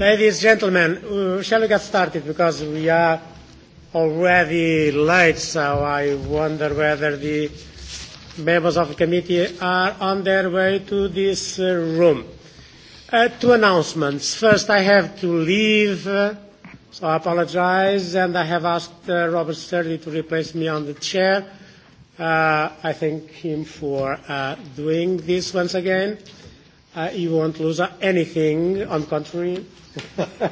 Ladies and gentlemen, uh, shall we get started because we are already late, so I wonder whether the members of the committee are on their way to this uh, room. Uh, two announcements. First, I have to leave, uh, so I apologize, and I have asked uh, Robert Sturdy to replace me on the chair. Uh, I thank him for uh, doing this once again uh, you won't lose anything, on contrary.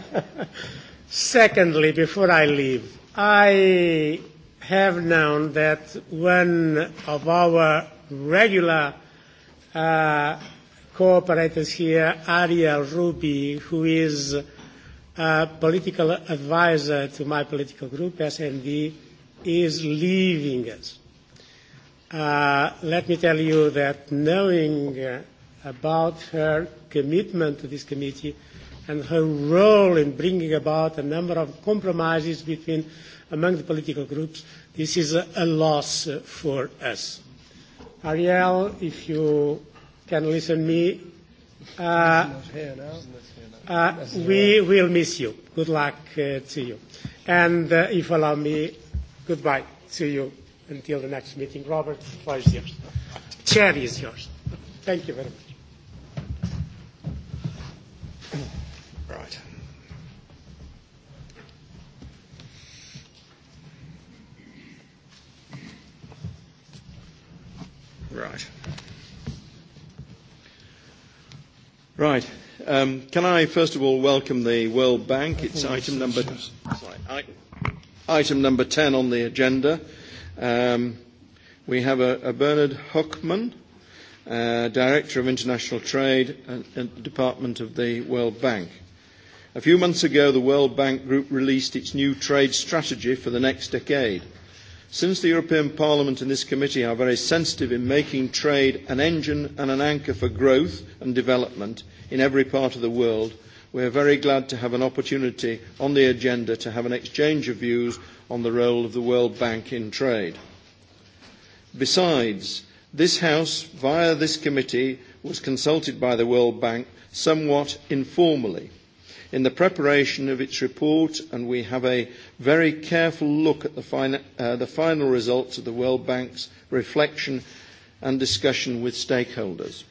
Secondly, before I leave, I have known that one of our regular uh, cooperators here, Ariel Ruby, who is a political advisor to my political group, SND, is leaving us. Uh, let me tell you that knowing uh, about her commitment to this committee and her role in bringing about a number of compromises between among the political groups. This is a, a loss uh, for us. Ariel, if you can listen me, uh, uh, we will miss you. Good luck uh, to you. And uh, if allow me, goodbye to you until the next meeting. Robert, the floor is yours. Chair is yours. Thank you very much. Right. Right. Right. Um, can I first of all welcome the World Bank? It's item number, sorry, item number ten on the agenda. Um, we have a, a Bernard Hockman, uh, Director of International Trade and, and Department of the World Bank. A few months ago, the World Bank Group released its new trade strategy for the next decade. Since the European Parliament and this committee are very sensitive in making trade an engine and an anchor for growth and development in every part of the world, we are very glad to have an opportunity on the agenda to have an exchange of views on the role of the World Bank in trade. Besides, this House, via this committee, was consulted by the World Bank somewhat informally in the preparation of its report, and we have a very careful look at the, uh, the final results of the World Bank's reflection and discussion with stakeholders.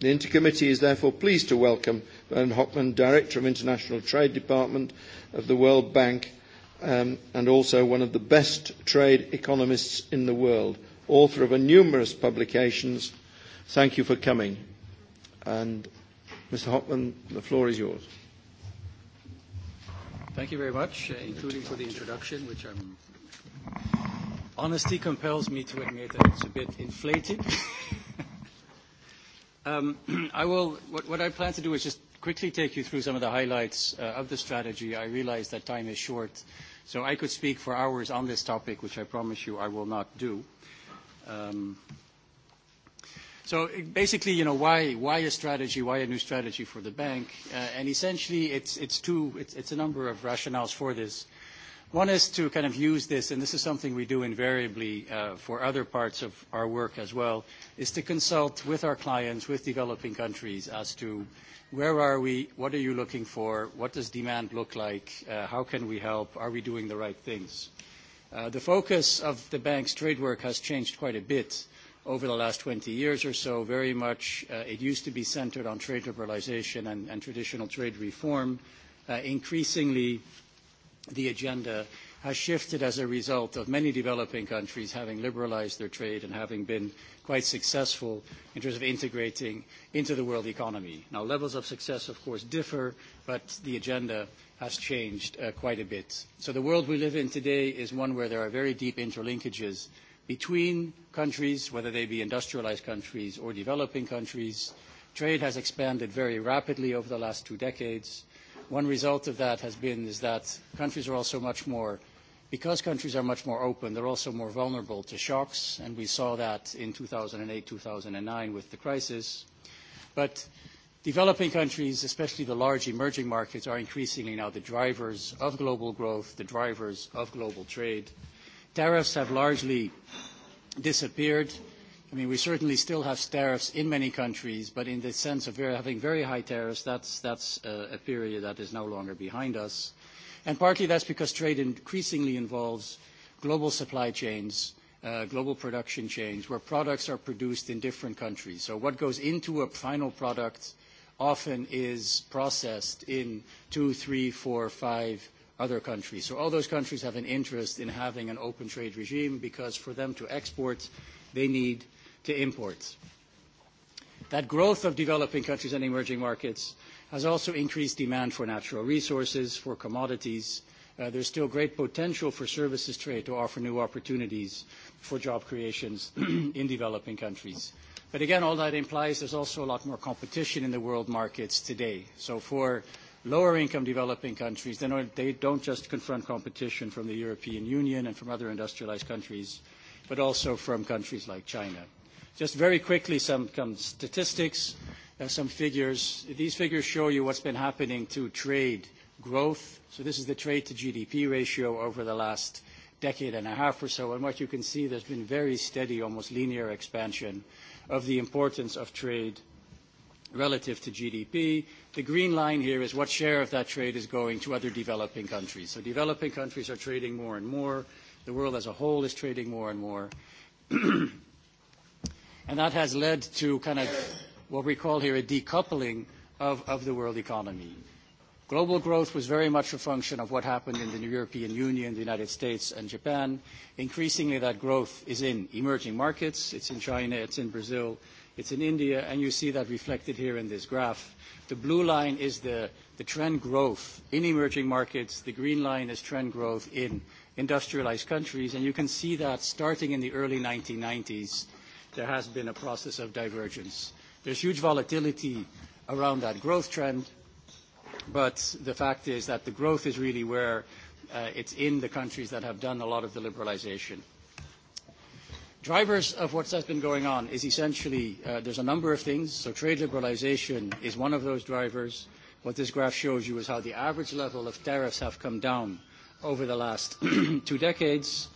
The Intercommittee is therefore pleased to welcome Bernd Hockman, Director of International Trade Department of the World Bank, um, and also one of the best trade economists in the world, author of a numerous publications. Thank you for coming. And Mr. Hockman, the floor is yours. Thank you very much, uh, including for the introduction, which I'm. Honesty compels me to admit that it's a bit inflated. um, I will. What, what I plan to do is just quickly take you through some of the highlights uh, of the strategy. I realize that time is short, so I could speak for hours on this topic, which I promise you I will not do. Um, So basically, you know, why, a strategy? Why a new strategy for the bank? Uh, and essentially, it's, two, it's, a number of rationales for this. One is to kind of use this, and this is something we do invariably uh, for other parts of our work as well, is to consult with our clients, with developing countries as to where are we, what are you looking for, what does demand look like, uh, how can we help, are we doing the right things? the focus of the bank's trade work has changed quite a bit over the last 20 years or so, very much uh, it used to be centered on trade liberalization and, and traditional trade reform. Uh, increasingly, the agenda has shifted as a result of many developing countries having liberalized their trade and having been quite successful in terms of integrating into the world economy. Now, levels of success, of course, differ, but the agenda has changed uh, quite a bit. So the world we live in today is one where there are very deep interlinkages between countries, whether they be industrialized countries or developing countries. Trade has expanded very rapidly over the last two decades. One result of that has been is that countries are also much more, because countries are much more open, they're also more vulnerable to shocks, and we saw that in 2008, 2009 with the crisis. But Developing countries, especially the large emerging markets, are increasingly now the drivers of global growth, the drivers of global trade. Tariffs have largely disappeared. I mean, we certainly still have tariffs in many countries, but in the sense of very, having very high tariffs, that's, that's a, uh, a period that is no longer behind us. And partly that's because trade increasingly involves global supply chains, uh, global production chains, where products are produced in different countries. So what goes into a final product often is processed in two, three, four, five other countries. So all those countries have an interest in having an open trade regime because for them to export, they need to import. That growth of developing countries and emerging markets has also increased demand for natural resources, for commodities. Uh, there's still great potential for services trade to offer new opportunities for job creations in developing countries. But again, all that implies there's also a lot more competition in the world markets today. So for lower income developing countries, they don't, they don't just confront competition from the European Union and from other industrialized countries, but also from countries like China. Just very quickly, some, statistics, uh, some figures. These figures show you what's been happening to trade growth. So this is the trade to GDP ratio over the last decade and a half or so. And what you can see, there's been very steady, almost linear expansion of the importance of trade relative to GDP. The green line here is what share of that trade is going to other developing countries. So developing countries are trading more and more. The world as a whole is trading more and more. and that has led to kind of what we call here a decoupling of, of the world economy. Global growth was very much a function of what happened in the European Union, the United States, and Japan. Increasingly, that growth is in emerging markets. It's in China, it's in Brazil, It's in India, and you see that reflected here in this graph. The blue line is the, trend growth in emerging markets. The green line is trend growth in industrialized countries, and you can see that starting in the early 1990s, there has been a process of divergence. There's huge volatility around that growth trend, but the fact is that the growth is really where uh, it's in the countries that have done a lot of the liberalization. Drivers of what has been going on is essentially uh, there's a number of things. So trade liberalization is one of those drivers. What this graph shows you is how the average level of tariffs have come down over the last two decades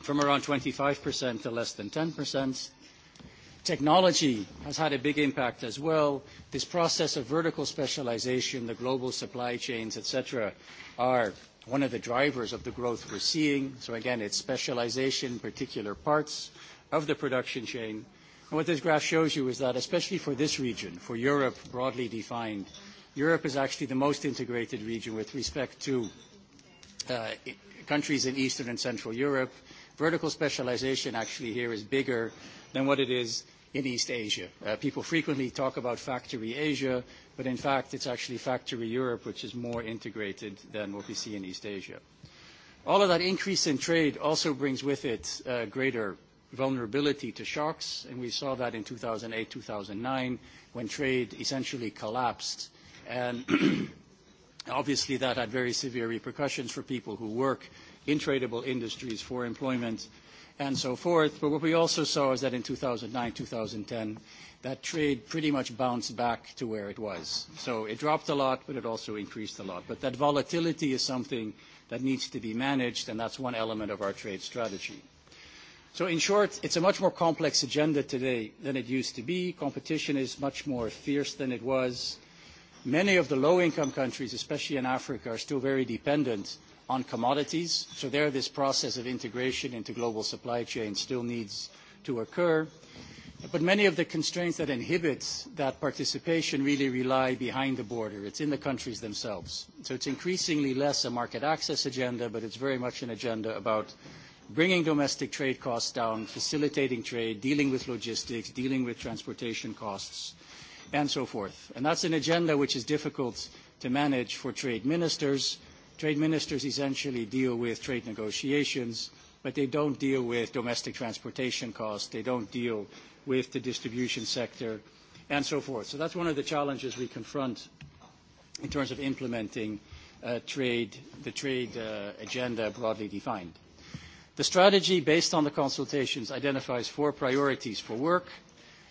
from around 25% to less than 10%. Technology has had a big impact as well. This process of vertical specialization, the global supply chains, et cetera, are one of the drivers of the growth we're seeing. So again, it's specialization, particular parts of the production chain. And what this graph shows you is that, especially for this region, for Europe broadly defined, Europe is actually the most integrated region with respect to uh, countries in Eastern and Central Europe. Vertical specialization actually here is bigger than what it is in East Asia. Uh, people frequently talk about factory Asia, but in fact it's actually factory Europe, which is more integrated than what we see in East Asia. All of that increase in trade also brings with it uh, greater vulnerability to shocks, and we saw that in 2008, 2009, when trade essentially collapsed. And obviously that had very severe repercussions for people who work in tradable industries for employment, and so forth. But what we also saw is that in 2009, 2010, that trade pretty much bounced back to where it was. So it dropped a lot, but it also increased a lot. But that volatility is something that needs to be managed, and that's one element of our trade strategy. So in short, it's a much more complex agenda today than it used to be. Competition is much more fierce than it was. Many of the low-income countries, especially in Africa, are still very dependent on commodities. So there, this process of integration into global supply chains still needs to occur. But many of the constraints that inhibit that participation really rely behind the border. It's in the countries themselves. So it's increasingly less a market access agenda, but it's very much an agenda about bringing domestic trade costs down, facilitating trade, dealing with logistics, dealing with transportation costs, and so forth. And that's an agenda which is difficult to manage for trade ministers Trade ministers essentially deal with trade negotiations, but they don't deal with domestic transportation costs. They don't deal with the distribution sector and so forth. So that's one of the challenges we confront in terms of implementing uh, trade, the trade uh, agenda broadly defined. The strategy, based on the consultations, identifies four priorities for work –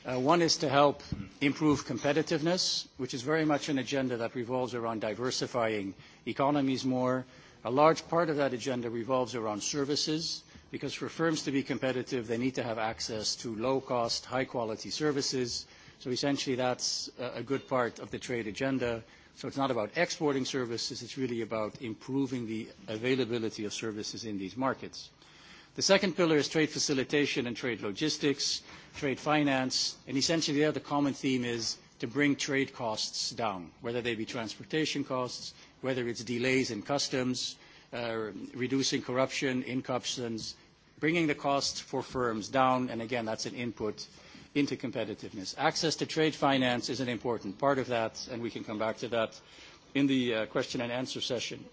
Uh, one is to help improve competitiveness, which is very much an agenda that revolves around diversifying economies more. A large part of that agenda revolves around services, because for firms to be competitive, they need to have access to low-cost, high-quality services. So essentially, that's a good part of the trade agenda. So it's not about exporting services, it's really about improving the availability of services in these markets. The second pillar is trade facilitation and trade logistics, trade finance, and essentially there the common theme is to bring trade costs down, whether they be transportation costs, whether it's delays in customs, uh, reducing corruption in customs, bringing the costs for firms down, and again, that's an input into competitiveness. Access to trade finance is an important part of that, and we can come back to that in the uh, question and answer session.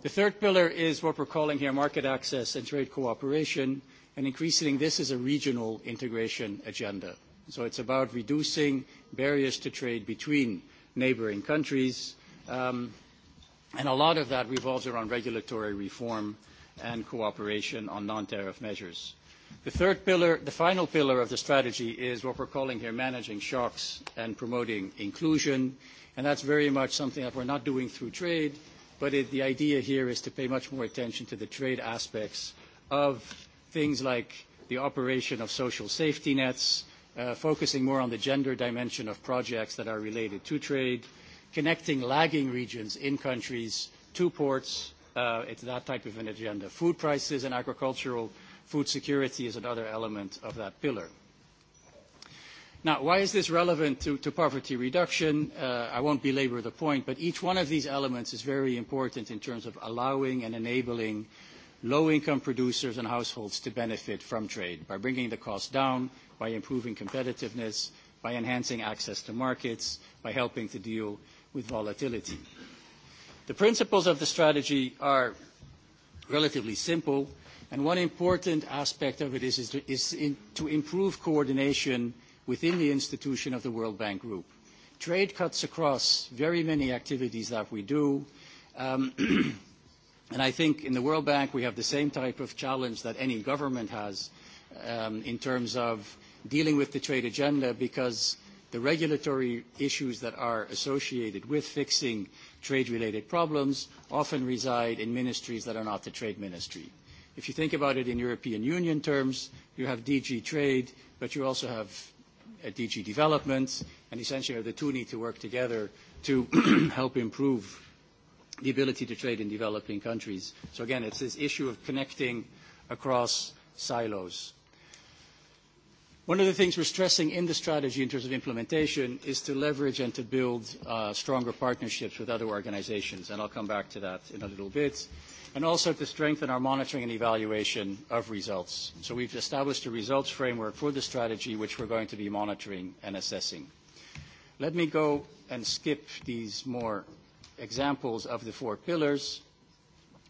The third pillar is what we're calling here market access and trade cooperation, and increasingly this is a regional integration agenda. So it's about reducing barriers to trade between neighboring countries, um, and a lot of that revolves around regulatory reform and cooperation on non-tariff measures. The third pillar, the final pillar of the strategy is what we're calling here managing shocks and promoting inclusion, and that's very much something that we're not doing through trade, But it, the idea here is to pay much more attention to the trade aspects of things like the operation of social safety nets, uh, focusing more on the gender dimension of projects that are related to trade, connecting lagging regions in countries to ports. Uh, it's that type of an agenda. Food prices and agricultural food security is another element of that pillar. Now, why is this relevant to, to poverty reduction? Uh, I won't belabor the point, but each one of these elements is very important in terms of allowing and enabling low-income producers and households to benefit from trade by bringing the cost down, by improving competitiveness, by enhancing access to markets, by helping to deal with volatility. The principles of the strategy are relatively simple, and one important aspect of it is, is, is in, to improve coordination – within the institution of the World Bank Group. Trade cuts across very many activities that we do. Um, and I think in the World Bank we have the same type of challenge that any government has um, in terms of dealing with the trade agenda because the regulatory issues that are associated with fixing trade-related problems often reside in ministries that are not the trade ministry. If you think about it in European Union terms, you have DG Trade, but you also have DG Development, and essentially the two need to work together to help improve the ability to trade in developing countries. So again, it's this issue of connecting across silos. One of the things we're stressing in the strategy in terms of implementation is to leverage and to build uh, stronger partnerships with other organizations, and I'll come back to that in a little bit, and also to strengthen our monitoring and evaluation of results. So we've established a results framework for the strategy, which we're going to be monitoring and assessing. Let me go and skip these more examples of the four pillars,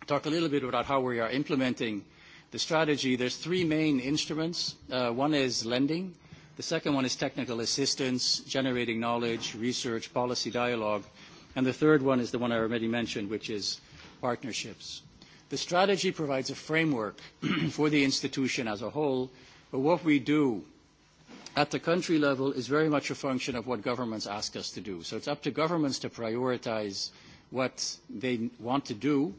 talk a little bit about how we are implementing the strategy, there's three main instruments. Uh, one is lending. The second one is technical assistance, generating knowledge, research, policy dialogue. And the third one is the one I already mentioned, which is partnerships. The strategy provides a framework for the institution as a whole, but what we do at the country level is very much a function of what governments ask us to do. So it's up to governments to prioritize what they want to do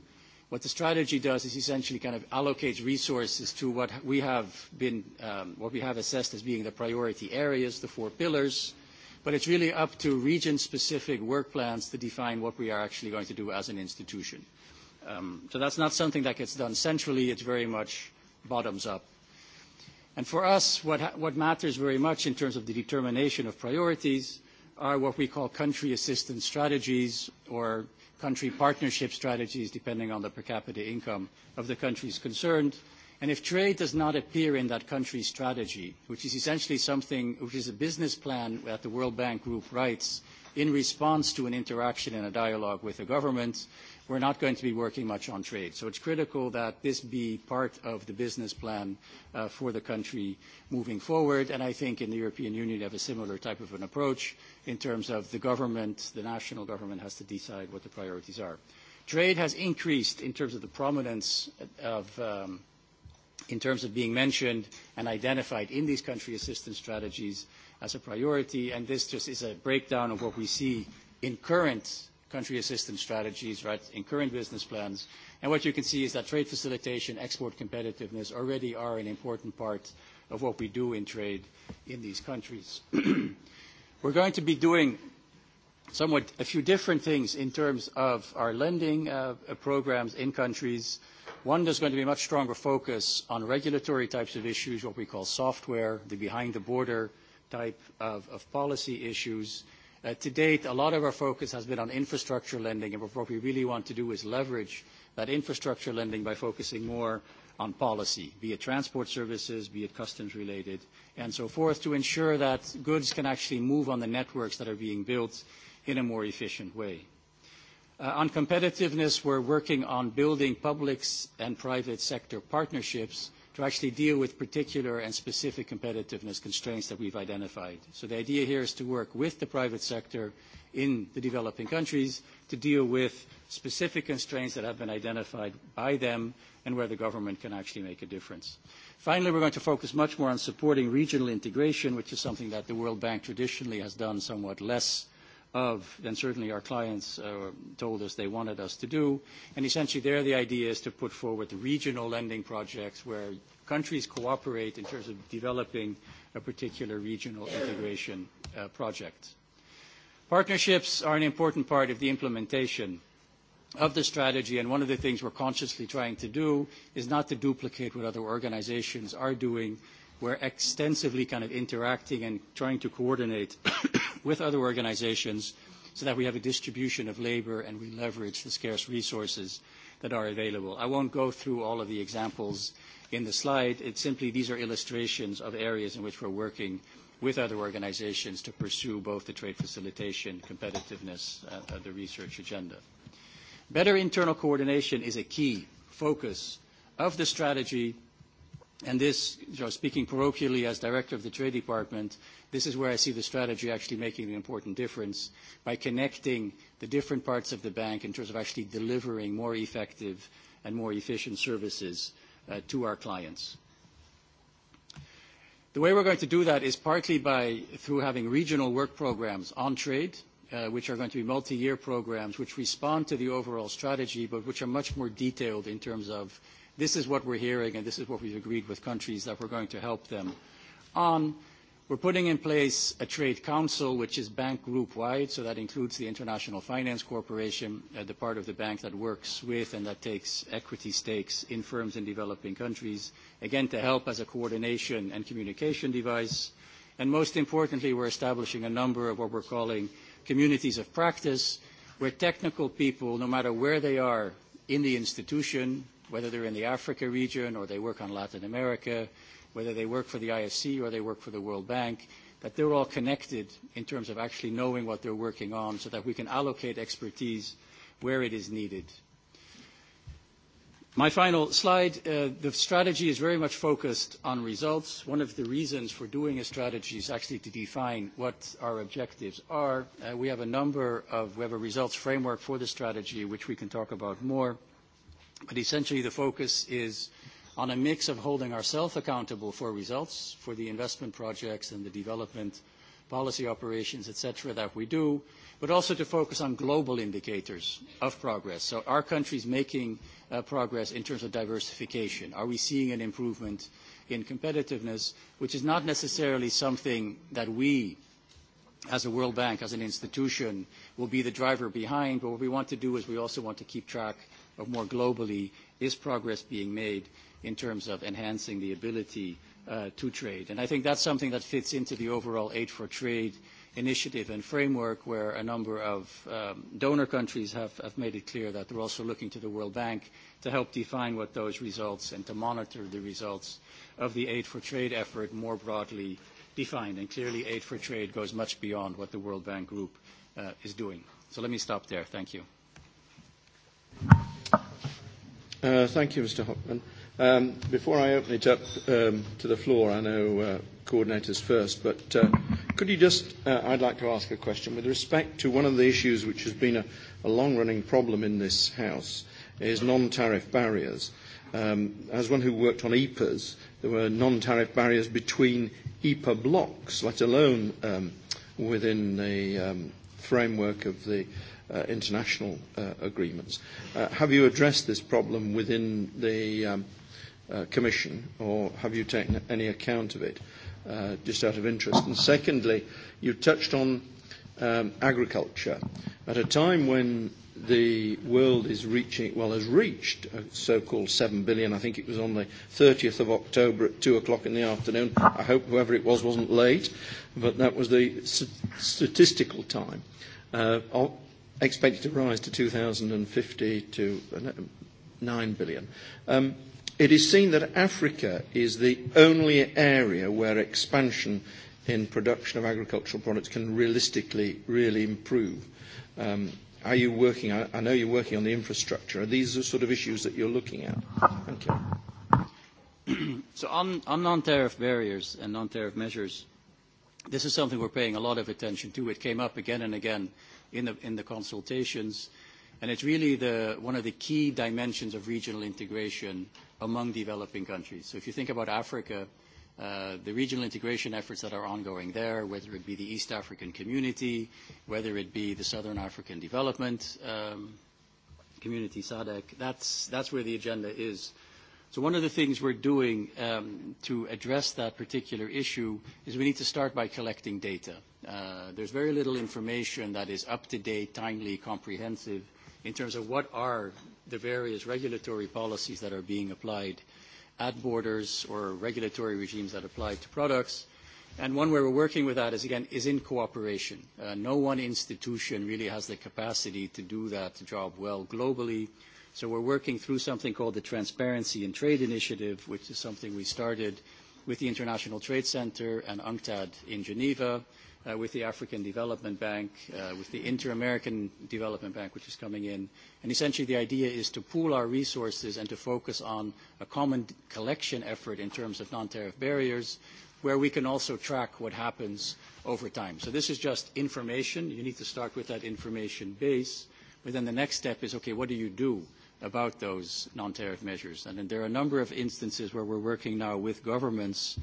What the strategy does is essentially kind of allocates resources to what we have been, um, what we have assessed as being the priority areas, the four pillars, but it's really up to region-specific work plans to define what we are actually going to do as an institution. Um, so that's not something that gets done centrally, it's very much bottoms up. And for us, what, what matters very much in terms of the determination of priorities are what we call country assistance strategies or country partnership strategies depending on the per capita income of the countries concerned. And if trade does not appear in that country's strategy, which is essentially something which is a business plan that the World Bank Group writes, in response to an interaction and a dialogue with the government, we're not going to be working much on trade. So it's critical that this be part of the business plan uh, for the country moving forward. And I think in the European Union, we have a similar type of an approach in terms of the government, the national government has to decide what the priorities are. Trade has increased in terms of the prominence of um, in terms of being mentioned and identified in these country assistance strategies as a priority, and this just is a breakdown of what we see in current country assistance strategies, right, in current business plans. And what you can see is that trade facilitation, export competitiveness already are an important part of what we do in trade in these countries. We're going to be doing somewhat a few different things in terms of our lending uh, uh programs in countries. One, there's going to be a much stronger focus on regulatory types of issues, what we call software, the behind the border type of, policy issues. Uh, to date, a lot of our focus has been on infrastructure lending, and what we really want to do is leverage that infrastructure lending by focusing more on policy, be it transport services, be it customs related, and so forth, to ensure that goods can actually move on the networks that are being built in a more efficient way. Uh, on competitiveness, we're working on building public and private sector partnerships to actually deal with particular and specific competitiveness constraints that we've identified. So the idea here is to work with the private sector in the developing countries to deal with specific constraints that have been identified by them and where the government can actually make a difference. Finally, we're going to focus much more on supporting regional integration, which is something that the World Bank traditionally has done somewhat less uh, of, and certainly our clients uh, told us they wanted us to do. essentially there the idea is to put forward regional lending projects where countries cooperate in terms of developing a particular regional integration uh, project. Partnerships are an important part of the implementation of the strategy, and one of the things we're consciously trying to do is not to duplicate what other organizations are doing, we're extensively kind of interacting and trying to coordinate with other organizations so that we have a distribution of labor and we leverage the scarce resources that are available. I won't go through all of the examples in the slide. It's simply these are illustrations of areas in which we're working with other organizations to pursue both the trade facilitation, competitiveness, uh, uh, the research agenda. Better internal coordination is a key focus of the strategy And this, you know, speaking parochially as director of the Trade Department, this is where I see the strategy actually making an important difference by connecting the different parts of the bank in terms of actually delivering more effective and more efficient services uh, to our clients. The way we're going to do that is partly by through having regional work programs on trade, uh, which are going to be multi-year programs which respond to the overall strategy, but which are much more detailed in terms of This is what we're hearing, and this is what we've agreed with countries that we're going to help them on. We're putting in place a trade council, which is bank group-wide, so that includes the International Finance Corporation, uh, the part of the bank that works with and that takes equity stakes in firms in developing countries, again, to help as a coordination and communication device. And most importantly, we're establishing a number of what we're calling communities of practice, where technical people, no matter where they are in the institution, whether they're in the Africa region or they work on Latin America, whether they work for the IFC or they work for the World Bank, that they're all connected in terms of actually knowing what they're working on so that we can allocate expertise where it is needed. My final slide, uh, the strategy is very much focused on results. One of the reasons for doing a strategy is actually to define what our objectives are. Uh, we have a number of, we have a results framework for the strategy, which we can talk about more. But essentially, the focus is on a mix of holding ourselves accountable for results, for the investment projects and the development policy operations, etc., that we do, but also to focus on global indicators of progress. So are countries making uh, progress in terms of diversification? Are we seeing an improvement in competitiveness, which is not necessarily something that we, as a World Bank, as an institution, will be the driver behind, but what we want to do is we also want to keep track – but more globally, is progress being made in terms of enhancing the ability uh, to trade? And I think that's something that fits into the overall Aid for Trade initiative and framework where a number of um, donor countries have, have made it clear that they're also looking to the World Bank to help define what those results and to monitor the results of the Aid for Trade effort more broadly defined. And clearly Aid for Trade goes much beyond what the World Bank Group uh, is doing. So let me stop there. Thank you. Uh, thank you, Mr. Hockman. Um, before I open it up um, to the floor, I know uh, coordinators first, but uh, could you just, uh, I'd like to ask a question with respect to one of the issues which has been a, a long-running problem in this House is non-tariff barriers. Um, as one who worked on EPAs, there were non-tariff barriers between EPA blocks, let alone um, within the um, framework of the uh, international uh, agreements. Uh, have you addressed this problem within the um, uh, Commission, or have you taken any account of it, uh, just out of interest? And secondly, you touched on um, agriculture. At a time when the world is reaching, well, has reached a so-called 7 billion. I think it was on the 30th of October at 2 o'clock in the afternoon. I hope whoever it was wasn't late, but that was the statistical time. Uh, expected to rise to 2050 to 9 uh, billion. Um, it is seen that Africa is the only area where expansion in production of agricultural products can realistically really improve. Um, are you working, I, know you're working on the infrastructure. Are these the sort of issues that you're looking at? Thank you. so on, on non-tariff barriers and non-tariff measures, this is something we're paying a lot of attention to. It came up again and again in the, consultations. And it's really the, one of the key dimensions of regional integration among developing countries. So if you think about Africa, uh, the regional integration efforts that are ongoing there, whether it be the East African community, whether it be the Southern African Development um, Community, SADC, that's, where the agenda is. So one of the things we're doing um, to address that particular issue is we need to start by collecting data. Uh, there's very little information that is up-to-date, timely, comprehensive in terms of what are the various regulatory policies that are being applied at borders or regulatory regimes that apply to products. And one way we're working with that is, again, is in cooperation. Uh, no one institution really has the capacity to do that job well globally. So we're working through something called the Transparency in Trade Initiative, which is something we started with the International Trade Center and UNCTAD in Geneva uh, with the African Development Bank, uh, with the Inter-American Development Bank, which is coming in. And essentially the idea is to pool our resources and to focus on a common collection effort in terms of non-tariff barriers, where we can also track what happens over time. So this is just information. You need to start with that information base. But then the next step is, okay, what do you do about those non-tariff measures? And then there are a number of instances where we're working now with governments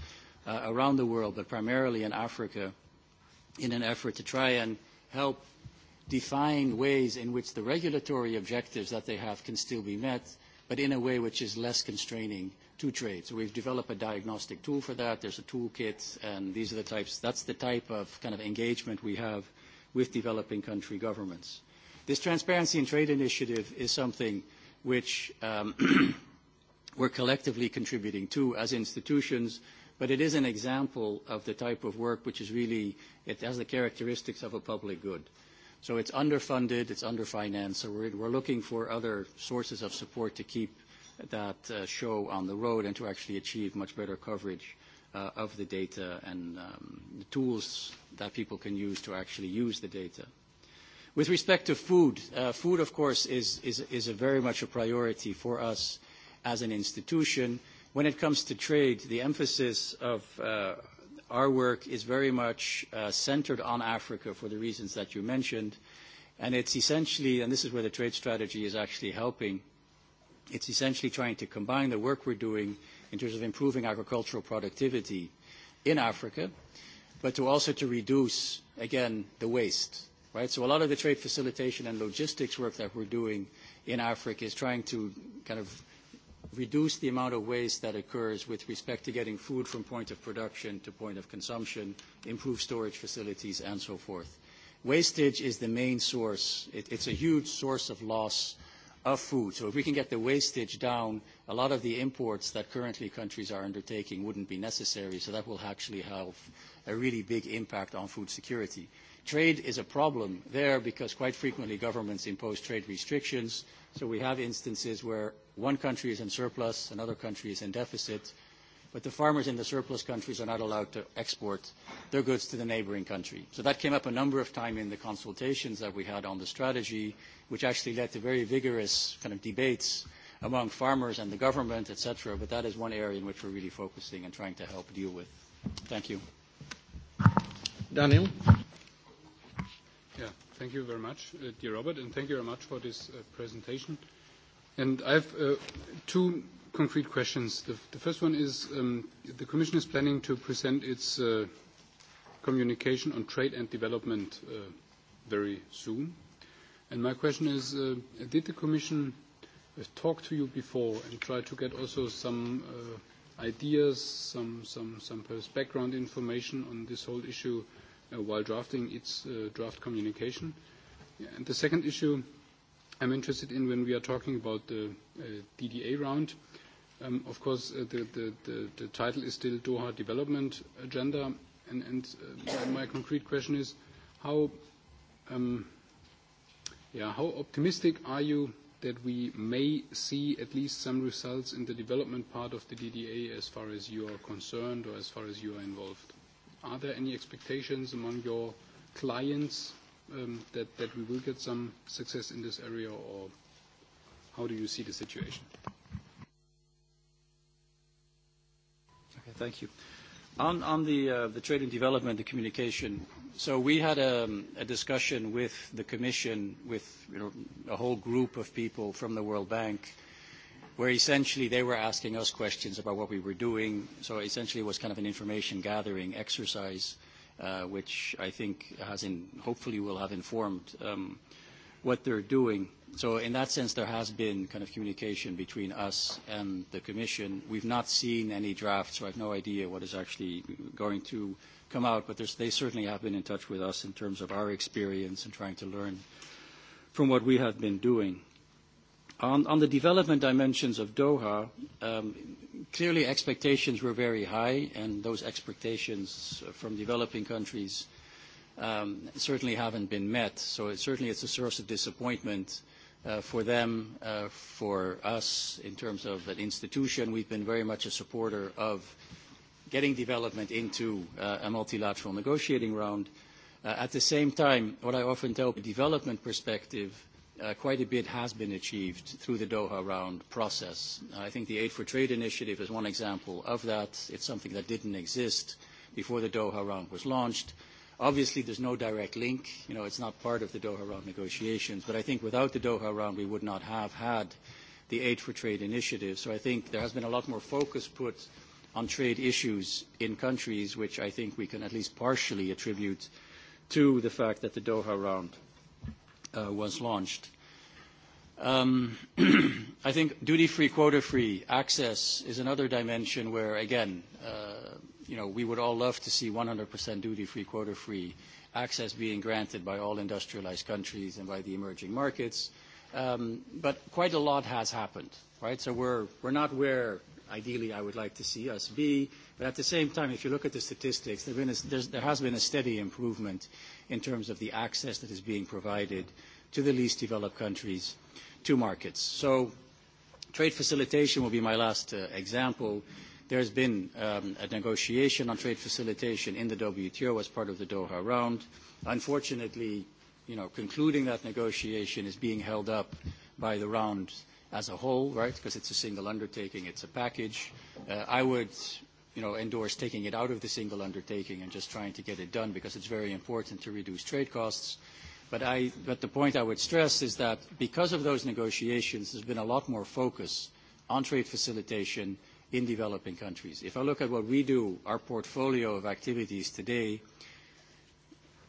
uh, around the world, but primarily in Africa, in an effort to try and help define ways in which the regulatory objectives that they have can still be met, but in a way which is less constraining to trade. So we've developed a diagnostic tool for that. There's a toolkit, and these are the types. That's the type of kind of engagement we have with developing country governments. This Transparency and Trade initiative is something which um, we're collectively contributing to as institutions, But it is an example of the type of work which is really, it has the characteristics of a public good. So it's underfunded, it's underfinanced, so we're, we're looking for other sources of support to keep that uh, show on the road and to actually achieve much better coverage uh, of the data and um, the tools that people can use to actually use the data. With respect to food, uh, food, of course, is, is, is a very much a priority for us as an institution When it comes to trade, the emphasis of uh, our work is very much uh, centered on Africa for the reasons that you mentioned. And it's essentially, and this is where the trade strategy is actually helping, it's essentially trying to combine the work we're doing in terms of improving agricultural productivity in Africa, but to also to reduce, again, the waste. Right? So a lot of the trade facilitation and logistics work that we're doing in Africa is trying to kind of reduce the amount of waste that occurs with respect to getting food from point of production to point of consumption, improve storage facilities, and so forth. Wastage is the main source. It, it's a huge source of loss of food. So if we can get the wastage down, a lot of the imports that currently countries are undertaking wouldn't be necessary, so that will actually have a really big impact on food security. Trade is a problem there because quite frequently governments impose trade restrictions So we have instances where one country is in surplus, another country is in deficit, but the farmers in the surplus countries are not allowed to export their goods to the neighboring country. So that came up a number of times in the consultations that we had on the strategy, which actually led to very vigorous kind of debates among farmers and the government, etc. But that is one area in which we're really focusing and trying to help deal with. Thank you. Daniel? Thank you very much, uh, dear Robert, and thank you very much for this uh, presentation. And I have uh, two concrete questions. The, the first one is um, the Commission is planning to present its uh, communication on trade and development uh, very soon. And my question is, uh, did the Commission uh, talk to you before and try to get also some uh, ideas, some, some, some background information on this whole issue uh, Uh, while drafting its uh, draft communication. And the second issue I'm interested in when we are talking about the uh, DDA round, um, of course, uh, the, the, the, the title is still Doha Development Agenda, and, and uh, my concrete question is how, um, yeah, how optimistic are you that we may see at least some results in the development part of the DDA as far as you are concerned or as far as you are involved? Are there any expectations among your clients um, that, that we will get some success in this area, or how do you see the situation? Okay, thank you. On, on the, uh, the trade and development, the communication, so we had a, um, a discussion with the Commission, with you know, a whole group of people from the World Bank, where essentially they were asking us questions about what we were doing. So essentially it was kind of an information gathering exercise, uh, which I think has in, hopefully will have informed um, what they're doing. So in that sense, there has been kind of communication between us and the Commission. We've not seen any draft, so I have no idea what is actually going to come out, but they certainly have been in touch with us in terms of our experience and trying to learn from what we have been doing. On, the development dimensions of Doha, um, clearly expectations were very high, and those expectations from developing countries um, certainly haven't been met. So certainly it's a source of disappointment uh, for them, uh, for us, in terms of an institution. We've been very much a supporter of getting development into uh, a multilateral negotiating round. At the same time, what I often tell the development perspective – Uh, quite a bit has been achieved through the Doha round process. I think the Aid for Trade initiative is one example of that. It's something that didn't exist before the Doha round was launched. Obviously, there's no direct link. You know, it's not part of the Doha round negotiations. But I think without the Doha round, we would not have had the Aid for Trade initiative. So I think there has been a lot more focus put on trade issues in countries, which I think we can at least partially attribute to the fact that the Doha round Uh, was launched. Um, I think duty-free, quota-free access is another dimension where, again, uh, you know, we would all love to see 100% duty-free, quota-free access being granted by all industrialized countries and by the emerging markets. Um, but quite a lot has happened, right? So we're, we're not where ideally I would like to see us be. But at the same time, if you look at the statistics, there, been a, there has been a steady improvement in terms of the access that is being provided to the least developed countries to markets. So trade facilitation will be my last uh, example. There has been um, a negotiation on trade facilitation in the WTO as part of the Doha round. Unfortunately, you know, concluding that negotiation is being held up by the round as a whole, right? Because it's a single undertaking, it's a package. Uh, I would, you know, endorse taking it out of the single undertaking and just trying to get it done because it's very important to reduce trade costs. But, I, but the point I would stress is that because of those negotiations, there's been a lot more focus on trade facilitation in developing countries. If I look at what we do, our portfolio of activities today,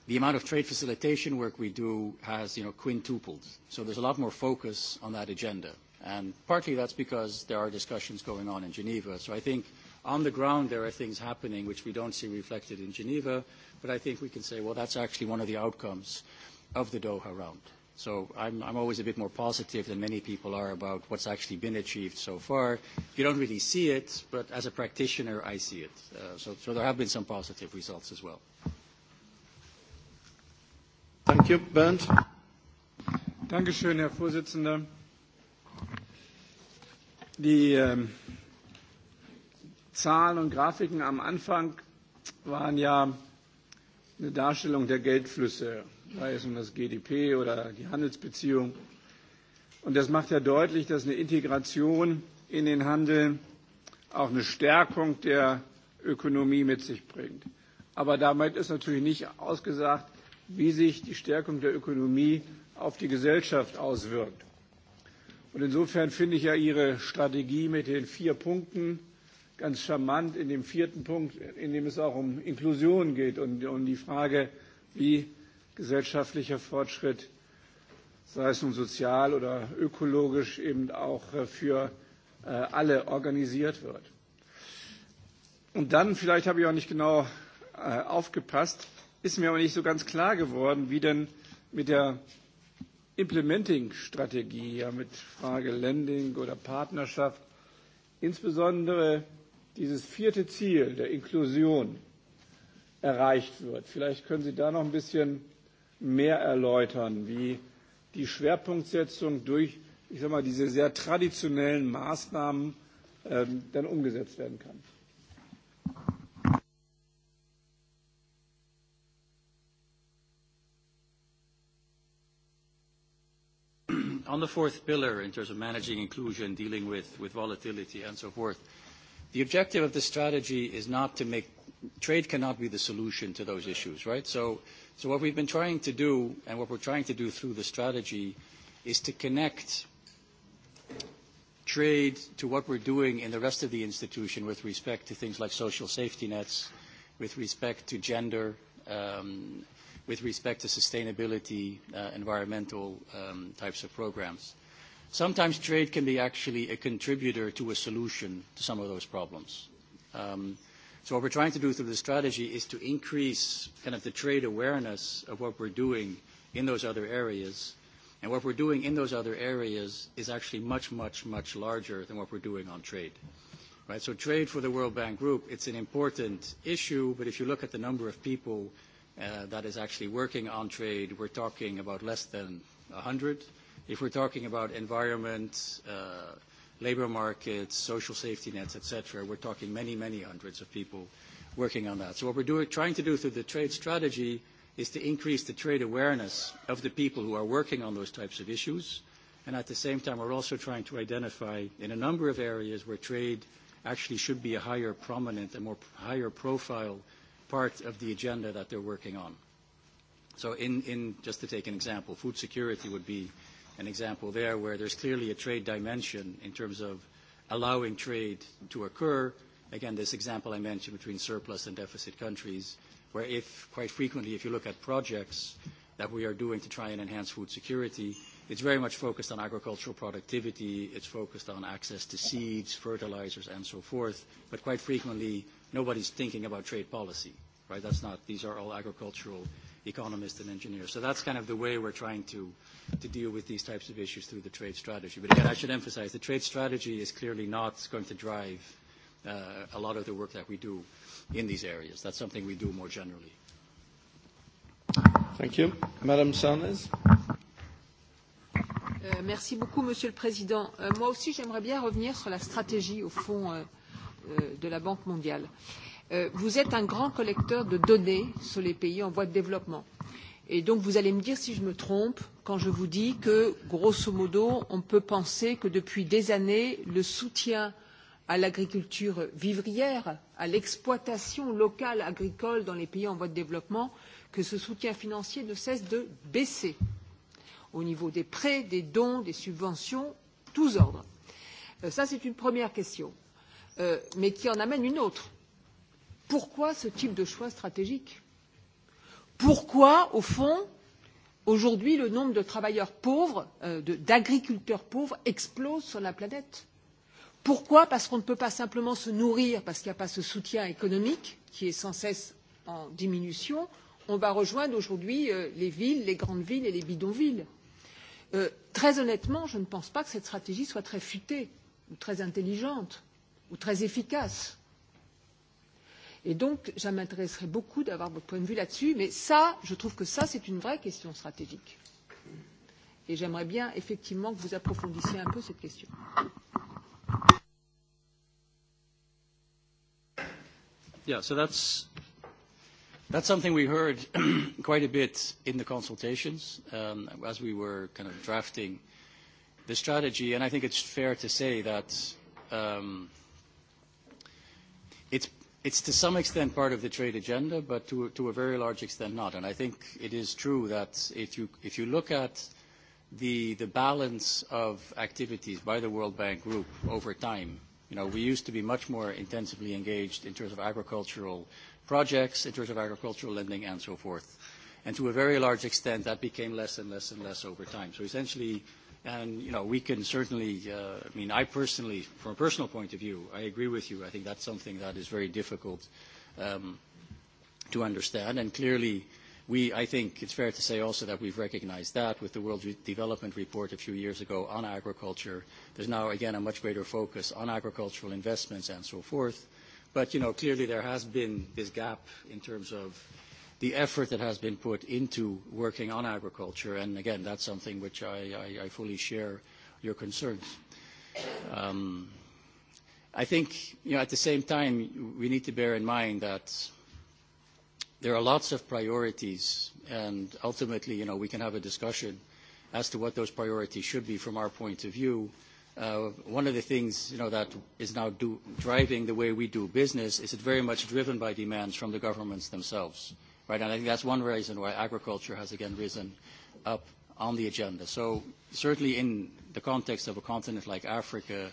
the amount of trade facilitation work we do has, you know, quintupled. So there's a lot more focus on that agenda. And partly that's because there are discussions going on in Geneva. So I think on the ground there are things happening which we don't see reflected in Geneva, but I think we can say, well, that's actually one of the outcomes of the Doha round. So I'm, I'm always a bit more positive than many people are about what's actually been achieved so far. You don't really see it, but as a practitioner, I see it. Uh, so, so there have been some positive results as well. Thank you. Bernd? Dankeschön, Herr Vorsitzender. Die ähm, Zahlen und Grafiken am Anfang waren ja eine Darstellung der Geldflüsse, sei es um das GDP oder die Handelsbeziehung. Und das macht ja deutlich, dass eine Integration in den Handel auch eine Stärkung der Ökonomie mit sich bringt. Aber damit ist natürlich nicht ausgesagt, wie sich die Stärkung der Ökonomie auf die Gesellschaft auswirkt. Und insofern finde ich ja Ihre Strategie mit den vier Punkten ganz charmant in dem vierten Punkt, in dem es auch um Inklusion geht und um die Frage, wie gesellschaftlicher Fortschritt, sei es nun sozial oder ökologisch, eben auch äh, für äh, alle organisiert wird. Und dann, vielleicht habe ich auch nicht genau äh, aufgepasst, ist mir aber nicht so ganz klar geworden, wie denn mit der Implementing-Strategie, ja mit Frage Lending oder Partnerschaft, insbesondere dieses vierte Ziel der Inklusion erreicht wird. Vielleicht können Sie da noch ein bisschen mehr erläutern, wie die Schwerpunktsetzung durch, ich sag mal, diese sehr traditionellen Maßnahmen ähm, dann umgesetzt werden kann. On the fourth pillar, in terms of managing inclusion, dealing with, volatility and so forth, the objective of this strategy is not to make trade cannot be the solution to those issues, right? So, what we've been trying to do and what we're trying to do through the strategy is to connect trade to what we're doing in the rest of the institution with respect to things like social safety nets, with respect to gender, um, with respect to sustainability, uh, environmental um, types of programs. Sometimes trade can be actually a contributor to a solution to some of those problems. Um, so what we're trying to do through the strategy is to increase kind of the trade awareness of what we're doing in those other areas. And what we're doing in those other areas is actually much, much, much larger than what we're doing on trade. Right? So trade for the World Bank Group, it's an important issue, but if you look at the number of people Uh, that is actually working on trade, we're talking about less than 100. If we're talking about environment, uh, labor markets, social safety nets, etc., we're talking many, many hundreds of people working on that. So what we're doing, trying to do through the trade strategy is to increase the trade awareness of the people who are working on those types of issues. And at the same time, we're also trying to identify in a number of areas where trade actually should be a higher prominent and more higher profile part of the agenda that they're working on. So in, in just to take an example, food security would be an example there where there's clearly a trade dimension in terms of allowing trade to occur. Again, this example I mentioned between surplus and deficit countries, where if quite frequently, if you look at projects that we are doing to try and enhance food security, it's very much focused on agricultural productivity, it's focused on access to seeds, fertilizers, and so forth. But quite frequently, nobody's thinking about trade policy, right? That's not, these are all agricultural economists and engineers. So that's kind of the way we're trying to, to deal with these types of issues through the trade strategy. But again, I should emphasize the trade strategy is clearly not going to drive uh, a lot of the work that we do in these areas. That's something we do more generally. Thank you. Madam Sanders. Euh, merci beaucoup, Monsieur le Président. Euh, moi aussi, j'aimerais bien revenir sur la stratégie, au fond, euh, Euh, de la Banque mondiale. Euh, vous êtes un grand collecteur de données sur les pays en voie de développement. Et donc, vous allez me dire si je me trompe quand je vous dis que, grosso modo, on peut penser que depuis des années, le soutien à l'agriculture vivrière, à l'exploitation locale agricole dans les pays en voie de développement, que ce soutien financier ne cesse de baisser au niveau des prêts, des dons, des subventions, tous ordres. Euh, ça, c'est une première question euh, mais qui en amène une autre. Pourquoi ce type de choix stratégique Pourquoi, au fond, aujourd'hui, le nombre de travailleurs pauvres, euh, d'agriculteurs pauvres explose sur la planète Pourquoi Parce qu'on ne peut pas simplement se nourrir parce qu'il n'y a pas ce soutien économique qui est sans cesse en diminution. On va rejoindre aujourd'hui euh, les villes, les grandes villes et les bidonvilles. Euh, très honnêtement, je ne pense pas que cette stratégie soit très futée ou très intelligente ou très efficace. Et donc, ça m'intéresserait beaucoup d'avoir votre point de vue là-dessus, mais ça, je trouve que ça, c'est une vraie question stratégique. Et j'aimerais bien, effectivement, que vous approfondissiez un peu cette question. Yeah, so that's That's something we heard quite a bit in the consultations um, as we were kind of drafting the strategy. And I think it's fair to say that um, it's to some extent part of the trade agenda, but to a very large extent not. And I think it is true that if you look at the balance of activities by the World Bank Group over time, you know, we used to be much more intensively engaged in terms of agricultural projects, in terms of agricultural lending, and so forth. And to a very large extent, that became less and less and less over time. So essentially And, you know, we can certainly, uh, I mean, I personally, from a personal point of view, I agree with you. I think that's something that is very difficult um, to understand. And clearly, we, I think it's fair to say also that we've recognized that with the World Development Report a few years ago on agriculture. There's now, again, a much greater focus on agricultural investments and so forth. But, you know, clearly there has been this gap in terms of the effort that has been put into working on agriculture, and again, that's something which I, I, I fully share your concerns. Um, I think, you know, at the same time, we need to bear in mind that there are lots of priorities, and ultimately, you know, we can have a discussion as to what those priorities should be from our point of view. Uh, one of the things you know, that is now do, driving the way we do business is it very much driven by demands from the governments themselves. Right, and I think that's one reason why agriculture has again risen up on the agenda. So certainly in the context of a continent like Africa,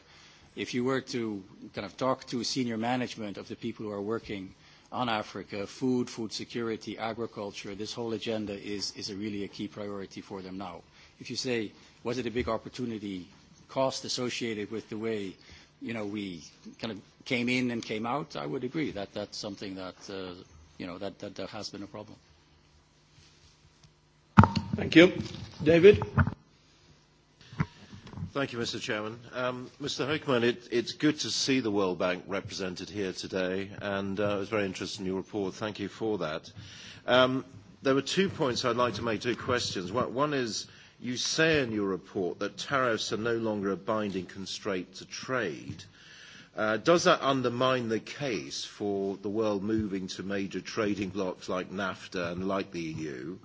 if you were to kind of talk to senior management of the people who are working on Africa, food, food security, agriculture, this whole agenda is, is a really a key priority for them now. If you say, was it a big opportunity cost associated with the way you know, we kind of came in and came out, I would agree that that's something that uh, you know, that, that there has been a problem. Thank you. David? Thank you, Mr. Chairman. Um, Mr. Hoekman, it, it's good to see the World Bank represented here today, and uh, it was very interesting in your report. Thank you for that. Um, there were two points I'd like to make, two questions. One is, you say in your report that tariffs are no longer a binding constraint to trade. Uh, does that undermine the case for the world moving to major trading blocs like NAFTA and like the EU?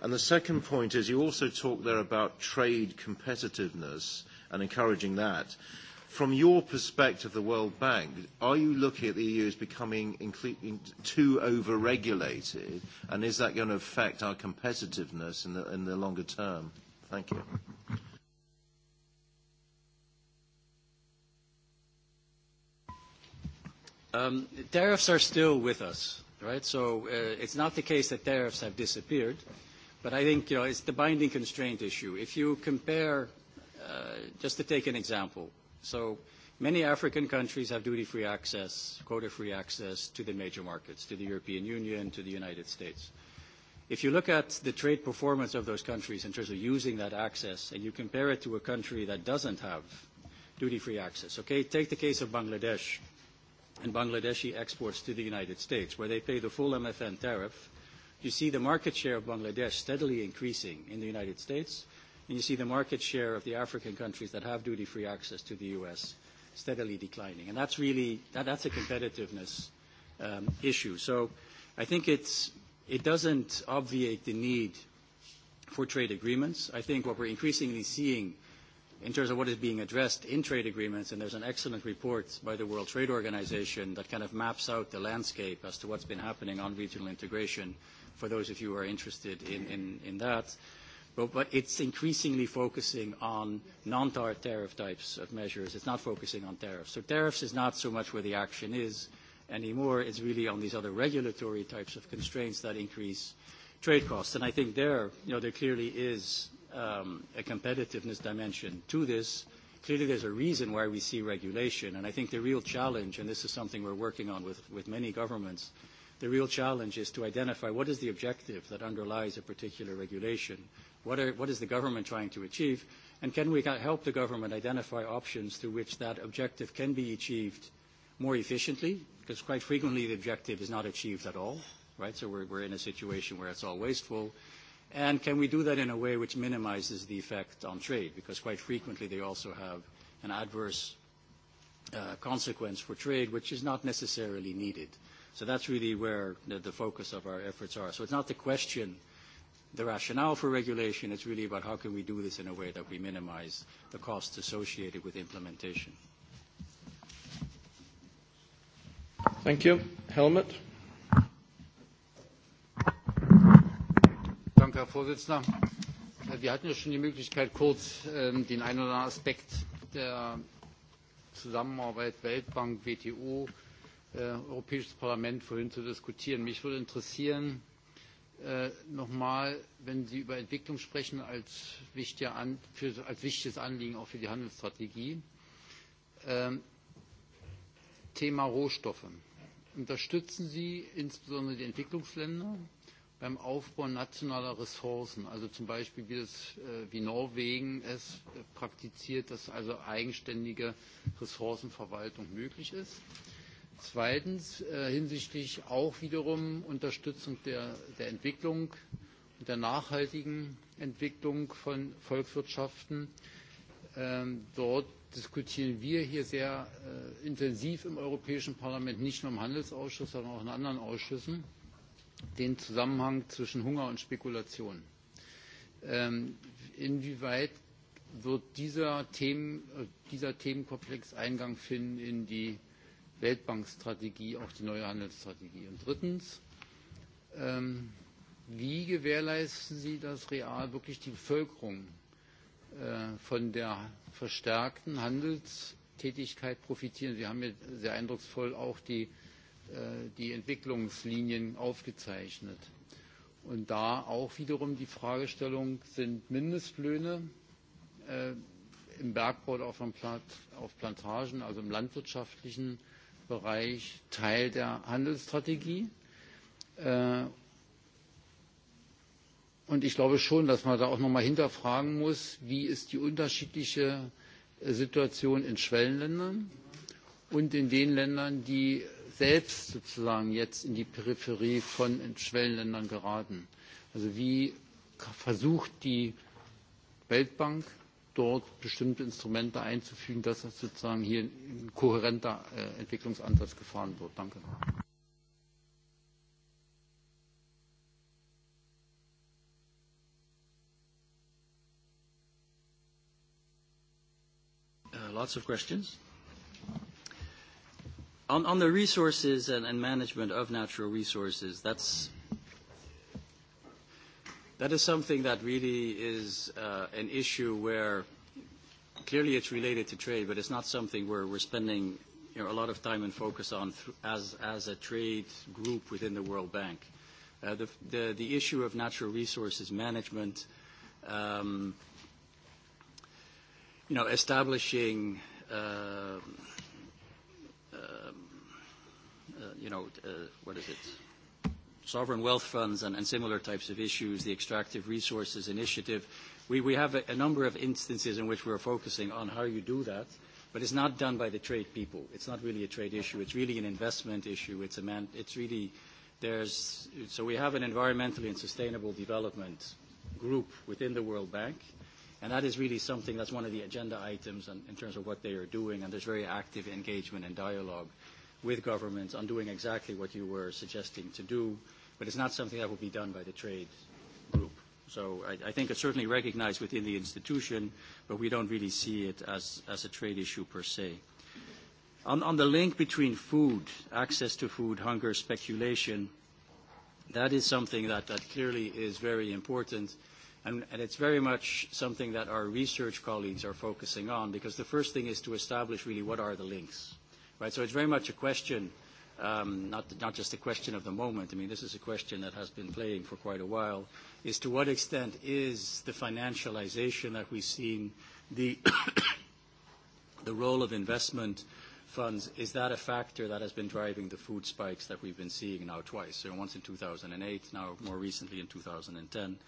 And the second point is you also talk there about trade competitiveness and encouraging that. From your perspective, the World Bank, are you looking at the EU as becoming too over-regulated? And is that going to affect our competitiveness in the, in the longer term? Thank you. Um, tariffs are still with us, right? So uh, it's not the case that tariffs have disappeared, but I think you know it's the binding constraint issue. If you compare, uh, just to take an example, so many African countries have duty-free access, quota-free access to the major markets, to the European Union, to the United States. If you look at the trade performance of those countries in terms of using that access, and you compare it to a country that doesn't have duty-free access, okay, take the case of Bangladesh and Bangladeshi exports to the United States, where they pay the full MFN tariff, you see the market share of Bangladesh steadily increasing in the United States, and you see the market share of the African countries that have duty-free access to the U.S. steadily declining. And that's really, that, that's a competitiveness um, issue. So I think it's, it doesn't obviate the need for trade agreements. I think what we're increasingly seeing – in terms of what is being addressed in trade agreements, and there's an excellent report by the World Trade Organization that kind of maps out the landscape as to what's been happening on regional integration, for those of you who are interested in, in, in that. But, but it's increasingly focusing on non-tariff types of measures. It's not focusing on tariffs. So tariffs is not so much where the action is anymore. It's really on these other regulatory types of constraints that increase trade costs. And I think there, you know, there clearly is Um, a competitiveness dimension to this, clearly there's a reason why we see regulation. And I think the real challenge, and this is something we're working on with, with many governments, the real challenge is to identify what is the objective that underlies a particular regulation, what, are, what is the government trying to achieve, and can we help the government identify options through which that objective can be achieved more efficiently, because quite frequently the objective is not achieved at all, right? So we're, we're in a situation where it's all wasteful, And can we do that in a way which minimizes the effect on trade? Because quite frequently they also have an adverse uh, consequence for trade, which is not necessarily needed. So that's really where the, the focus of our efforts are. So it's not the question, the rationale for regulation, it's really about how can we do this in a way that we minimize the costs associated with implementation. Thank you. Helmet? Herr Vorsitzender. Äh, wir hatten ja schon die Möglichkeit, kurz ähm, den einen oder anderen Aspekt der Zusammenarbeit Weltbank, WTO, äh, Europäisches Parlament vorhin zu diskutieren. Mich würde interessieren, äh, nochmal, wenn Sie über Entwicklung sprechen, als, wichtiges Anliegen auch für die Handelsstrategie. Ähm, Thema Rohstoffe. Unterstützen Sie insbesondere die Entwicklungsländer beim Aufbau nationaler Ressourcen, also zum Beispiel wie, das, äh, wie Norwegen es äh, praktiziert, dass also eigenständige Ressourcenverwaltung möglich ist. Zweitens äh, hinsichtlich auch wiederum Unterstützung der, der Entwicklung und der nachhaltigen Entwicklung von Volkswirtschaften. Ähm, dort diskutieren wir hier sehr intensiv im Europäischen Parlament, nicht nur im Handelsausschuss, sondern auch in anderen Ausschüssen den Zusammenhang zwischen Hunger und Spekulation. Ähm, inwieweit wird dieser, Themen, äh, dieser Themenkomplex Eingang finden in die Weltbankstrategie, auch die neue Handelsstrategie? Und drittens, ähm, wie gewährleisten Sie, dass real wirklich die Bevölkerung äh, von der verstärkten Handelstätigkeit profitieren? Sie haben ja sehr eindrucksvoll auch die äh, Äh, die Entwicklungslinien aufgezeichnet. Und da auch wiederum die Fragestellung, sind Mindestlöhne äh, im Bergbau oder auf, Plant auf Plantagen, also im landwirtschaftlichen Bereich, Teil der Handelsstrategie? Äh, und ich glaube schon, dass man da auch nochmal hinterfragen muss, wie ist die unterschiedliche äh, Situation in Schwellenländern und in den Ländern, die selbst sozusagen jetzt in die Peripherie von Schwellenländern geraten? Also wie versucht die Weltbank dort bestimmte Instrumente einzufügen, dass das sozusagen hier ein kohärenter äh, Entwicklungsansatz gefahren wird? Danke. Uh, lots of questions on, on the resources and, and management of natural resources, that's that is something that really is uh, an issue where clearly it's related to trade, but it's not something where we're spending you know, a lot of time and focus on th- as, as a trade group within the World Bank. Uh, the, the, the issue of natural resources management, um, you know, establishing uh, you know, uh, what is it? Sovereign wealth funds and, and similar types of issues, the extractive resources initiative. We, we have a, a number of instances in which we're focusing on how you do that, but it's not done by the trade people. It's not really a trade issue. It's really an investment issue. It's, a man, it's really, there's, so we have an environmentally and sustainable development group within the World Bank. And that is really something that's one of the agenda items in, in terms of what they are doing, and there's very active engagement and dialogue with governments on doing exactly what you were suggesting to do, but it's not something that will be done by the trade group. So I, I think it's certainly recognized within the institution, but we don't really see it as, as a trade issue per se. On, on the link between food, access to food, hunger, speculation, that is something that, that clearly is very important. And, and it's very much something that our research colleagues are focusing on because the first thing is to establish really what are the links Right? So it's very much a question, um, not, not just a question of the moment. I mean, this is a question that has been playing for quite a while, is to what extent is the financialization that we've seen, the, the role of investment funds, is that a factor that has been driving the food spikes that we've been seeing now twice? So once in 2008, now more recently in 2010.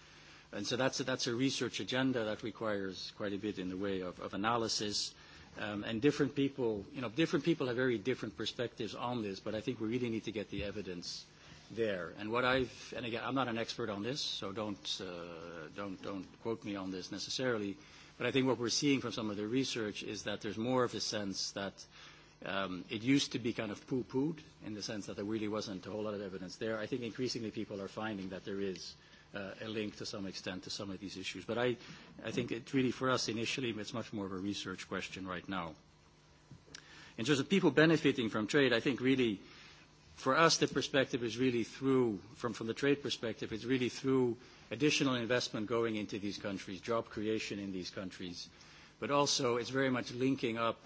And so that's a, that's a research agenda that requires quite a bit in the way of, of analysis Um, and different people, you know, different people have very different perspectives on this, but I think we really need to get the evidence there. And what I've, and again, I'm not an expert on this, so don't, uh, don't, don't quote me on this necessarily, but I think what we're seeing from some of the research is that there's more of a sense that um, it used to be kind of poo-pooed in the sense that there really wasn't a whole lot of evidence there. I think increasingly people are finding that there is Uh, a link to some extent to some of these issues. But I, I think it really for us initially, it's much more of a research question right now. In terms of people benefiting from trade, I think really for us the perspective is really through, from, from the trade perspective, it's really through additional investment going into these countries, job creation in these countries, but also it's very much linking up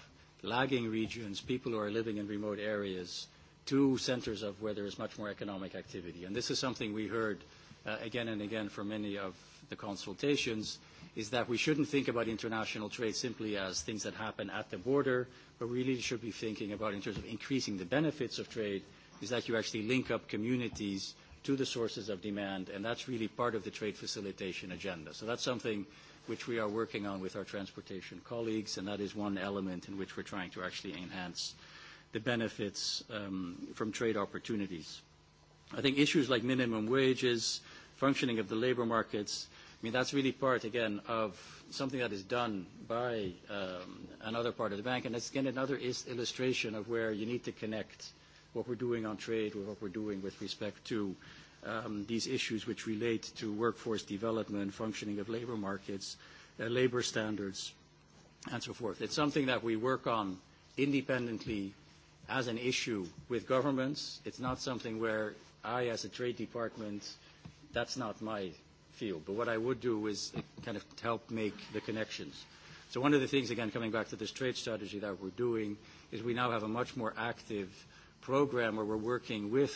lagging regions, people who are living in remote areas, to centers of where there is much more economic activity. And this is something we heard – uh, again and again for many of the consultations, is that we shouldn't think about international trade simply as things that happen at the border, but really should be thinking about in terms of increasing the benefits of trade, is that you actually link up communities to the sources of demand, and that's really part of the trade facilitation agenda. So that's something which we are working on with our transportation colleagues, and that is one element in which we're trying to actually enhance the benefits um, from trade opportunities. I think issues like minimum wages, functioning of the labour markets, I mean, that's really part, again, of something that is done by um, another part of the bank. And that's, again, another is illustration of where you need to connect what we're doing on trade with what we're doing with respect to um, these issues which relate to workforce development, functioning of labour markets, uh, labour standards, and so forth. It's something that we work on independently as an issue with governments. It's not something where I, as a Trade Department, that's not my field. But what I would do is kind of help make the connections. So one of the things, again, coming back to this trade strategy that we're doing, is we now have a much more active program where we're working with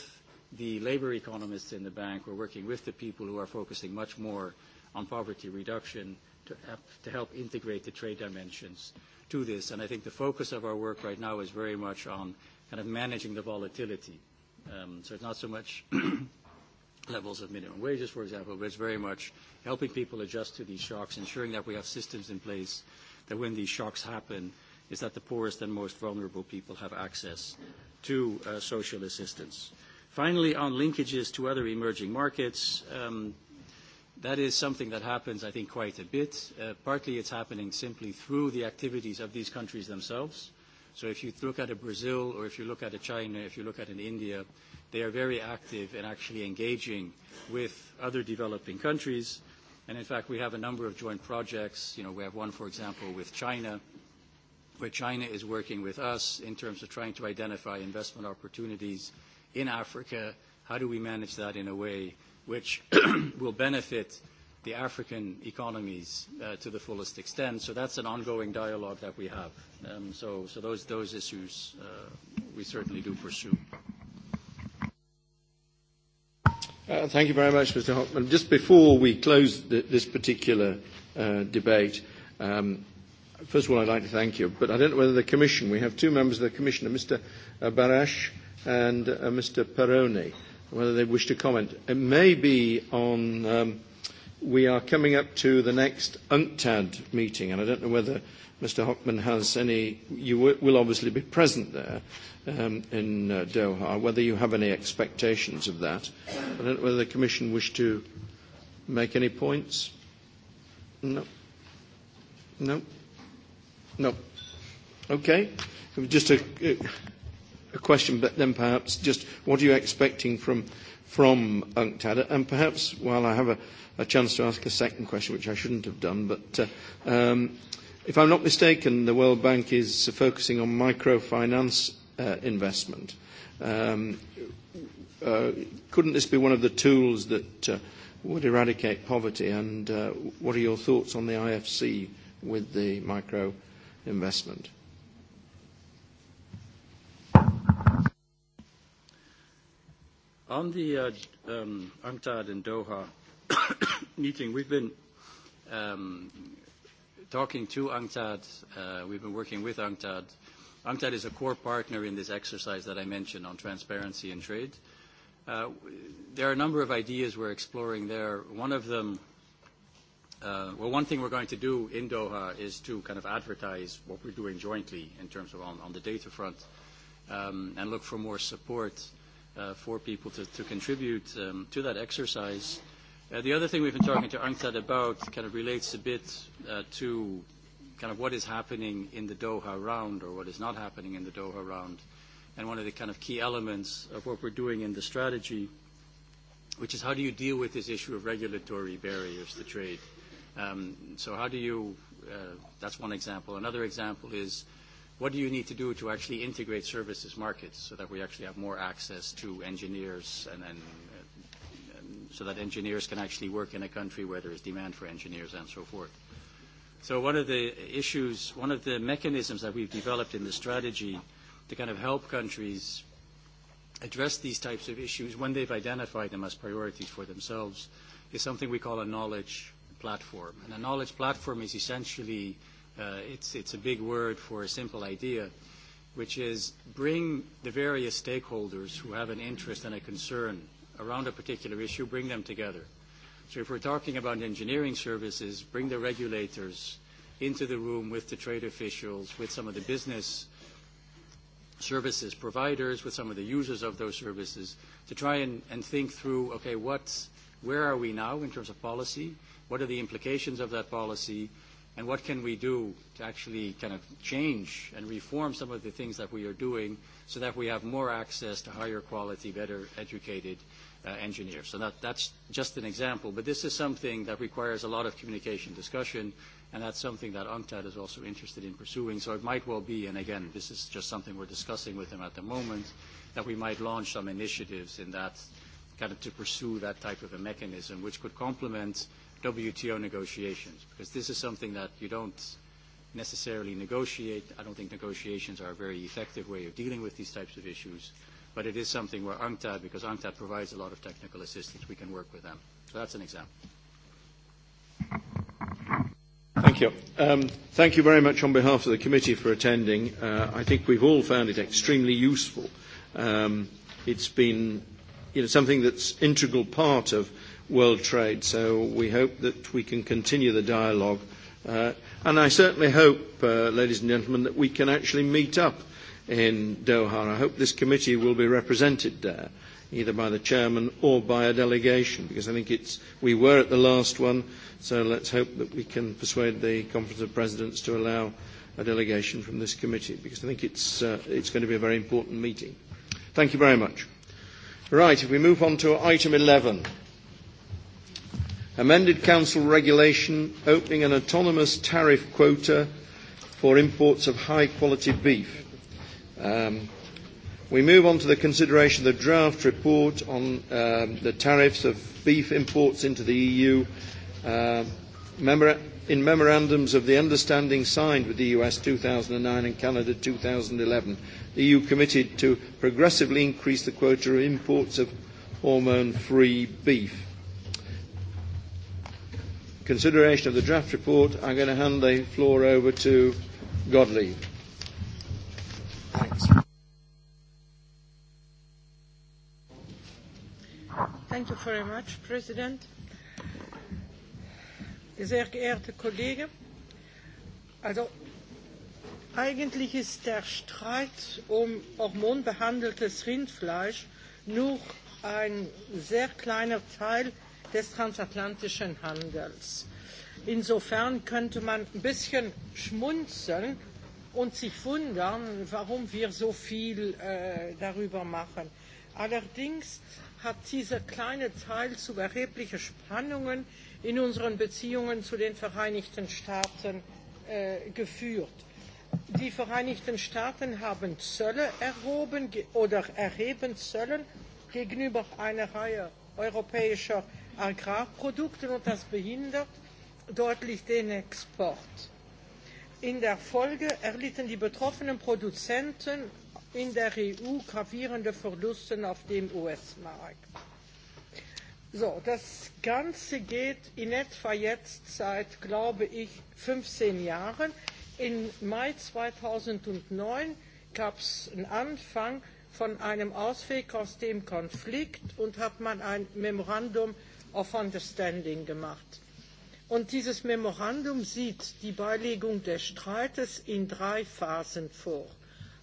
the labor economists in the bank. We're working with the people who are focusing much more on poverty reduction to, to help integrate the trade dimensions to this. And I think the focus of our work right now is very much on kind of managing the volatility Um, so it's not so much levels of minimum wages, for example, but it's very much helping people adjust to these shocks, ensuring that we have systems in place that when these shocks happen, is that the poorest and most vulnerable people have access to uh, social assistance. Finally, on linkages to other emerging markets, um, that is something that happens, I think, quite a bit. Uh, partly it's happening simply through the activities of these countries themselves. Uh, So if you look at a Brazil or if you look at a China, if you look at an India, they are very active in actually engaging with other developing countries. And in fact, we have a number of joint projects. You know, we have one, for example, with China, where China is working with us in terms of trying to identify investment opportunities in Africa. How do we manage that in a way which will benefit the African economies uh, to the fullest extent. So that's an ongoing dialogue that we have. Um, so, so those, those issues uh, we certainly do pursue. Uh, thank you very much, Mr. Hockman. Just before we close th- this particular uh, debate, um, first of all, I'd like to thank you. But I don't know whether the Commission, we have two members of the Commission, uh, Mr. Uh, Barash and uh, Mr. Peroni, whether they wish to comment. It may be on. Um, we are coming up to the next UNCTAD meeting, and I don't know whether Mr. Hockman has any. You will obviously be present there um, in uh, Doha. Whether you have any expectations of that, I don't know whether the Commission wish to make any points. No. No. No. Okay. Just a, a question, but then perhaps just what are you expecting from from UNCTAD? And perhaps while I have a a chance to ask a second question, which I shouldn't have done. But uh, um, if I'm not mistaken, the World Bank is focusing on microfinance uh, investment. Um, uh, couldn't this be one of the tools that uh, would eradicate poverty? And uh, what are your thoughts on the IFC with the micro investment? On the uh, um, UNCTAD in Doha, meeting, we've been um, talking to UNCTAD. Uh, we've been working with UNCTAD. UNCTAD is a core partner in this exercise that I mentioned on transparency and trade. Uh, there are a number of ideas we're exploring there. One of them, uh, well, one thing we're going to do in Doha is to kind of advertise what we're doing jointly in terms of on, on the data front um, and look for more support uh, for people to, to contribute um, to that exercise. Uh, the other thing we've been talking to UNCTAD about kind of relates a bit uh, to kind of what is happening in the Doha round or what is not happening in the Doha round. And one of the kind of key elements of what we're doing in the strategy, which is how do you deal with this issue of regulatory barriers to trade? Um, so how do you, uh, that's one example. Another example is what do you need to do to actually integrate services markets so that we actually have more access to engineers and, then so that engineers can actually work in a country where there is demand for engineers and so forth. So one of the issues, one of the mechanisms that we've developed in the strategy to kind of help countries address these types of issues when they've identified them as priorities for themselves is something we call a knowledge platform. And a knowledge platform is essentially, uh, it's, it's a big word for a simple idea, which is bring the various stakeholders who have an interest and a concern around a particular issue, bring them together. So if we're talking about engineering services, bring the regulators into the room with the trade officials, with some of the business services providers, with some of the users of those services, to try and, and think through, okay, what's, where are we now in terms of policy? What are the implications of that policy? And what can we do to actually kind of change and reform some of the things that we are doing so that we have more access to higher quality, better educated uh, engineer. So that, that's just an example, but this is something that requires a lot of communication discussion, and that's something that UNCTAD is also interested in pursuing. So it might well be, and again, this is just something we're discussing with them at the moment, that we might launch some initiatives in that kind of to pursue that type of a mechanism, which could complement WTO negotiations, because this is something that you don't necessarily negotiate. I don't think negotiations are a very effective way of dealing with these types of issues but it is something where UNCTAD, because UNCTAD provides a lot of technical assistance, we can work with them. So that's an example. Thank you. Um, thank you very much on behalf of the committee for attending. Uh, I think we've all found it extremely useful. Um, it's been you know, something that's integral part of world trade, so we hope that we can continue the dialogue. Uh, and I certainly hope, uh, ladies and gentlemen, that we can actually meet up in Doha. And I hope this committee will be represented there, either by the chairman or by a delegation, because I think it's, we were at the last one, so let's hope that we can persuade the Conference of Presidents to allow a delegation from this committee, because I think it's, uh, it's going to be a very important meeting. Thank you very much. Right, if we move on to item 11. Amended Council regulation opening an autonomous tariff quota for imports of high quality beef. Um, we move on to the consideration of the draft report on um, the tariffs of beef imports into the EU. Uh, in memorandums of the understanding signed with the US 2009 and Canada 2011, the EU committed to progressively increase the quota of imports of hormone-free beef. Consideration of the draft report, I'm going to hand the floor over to Godley. Thanks. Thank you very much, President. Sehr geehrte Kollegen, also eigentlich ist der Streit um hormonbehandeltes Rindfleisch nur ein sehr kleiner Teil des transatlantischen Handels. Insofern könnte man ein bisschen schmunzeln, und sich wundern, warum wir so viel äh, darüber machen. Allerdings hat dieser kleine Teil zu erheblichen Spannungen in unseren Beziehungen zu den Vereinigten Staaten äh, geführt. Die Vereinigten Staaten haben Zölle erhoben oder erheben Zölle gegenüber einer Reihe europäischer Agrarprodukte und das behindert deutlich den Export. Äh, In der Folge erlitten die betroffenen Produzenten in der EU gravierende Verluste auf dem US-Markt. So, das Ganze geht in etwa jetzt seit, glaube ich, 15 Jahren. Im Mai 2009 gab es einen Anfang von einem Ausweg aus dem Konflikt und hat man ein Memorandum of Understanding gemacht. Und dieses Memorandum sieht die Beilegung des Streites in drei Phasen vor.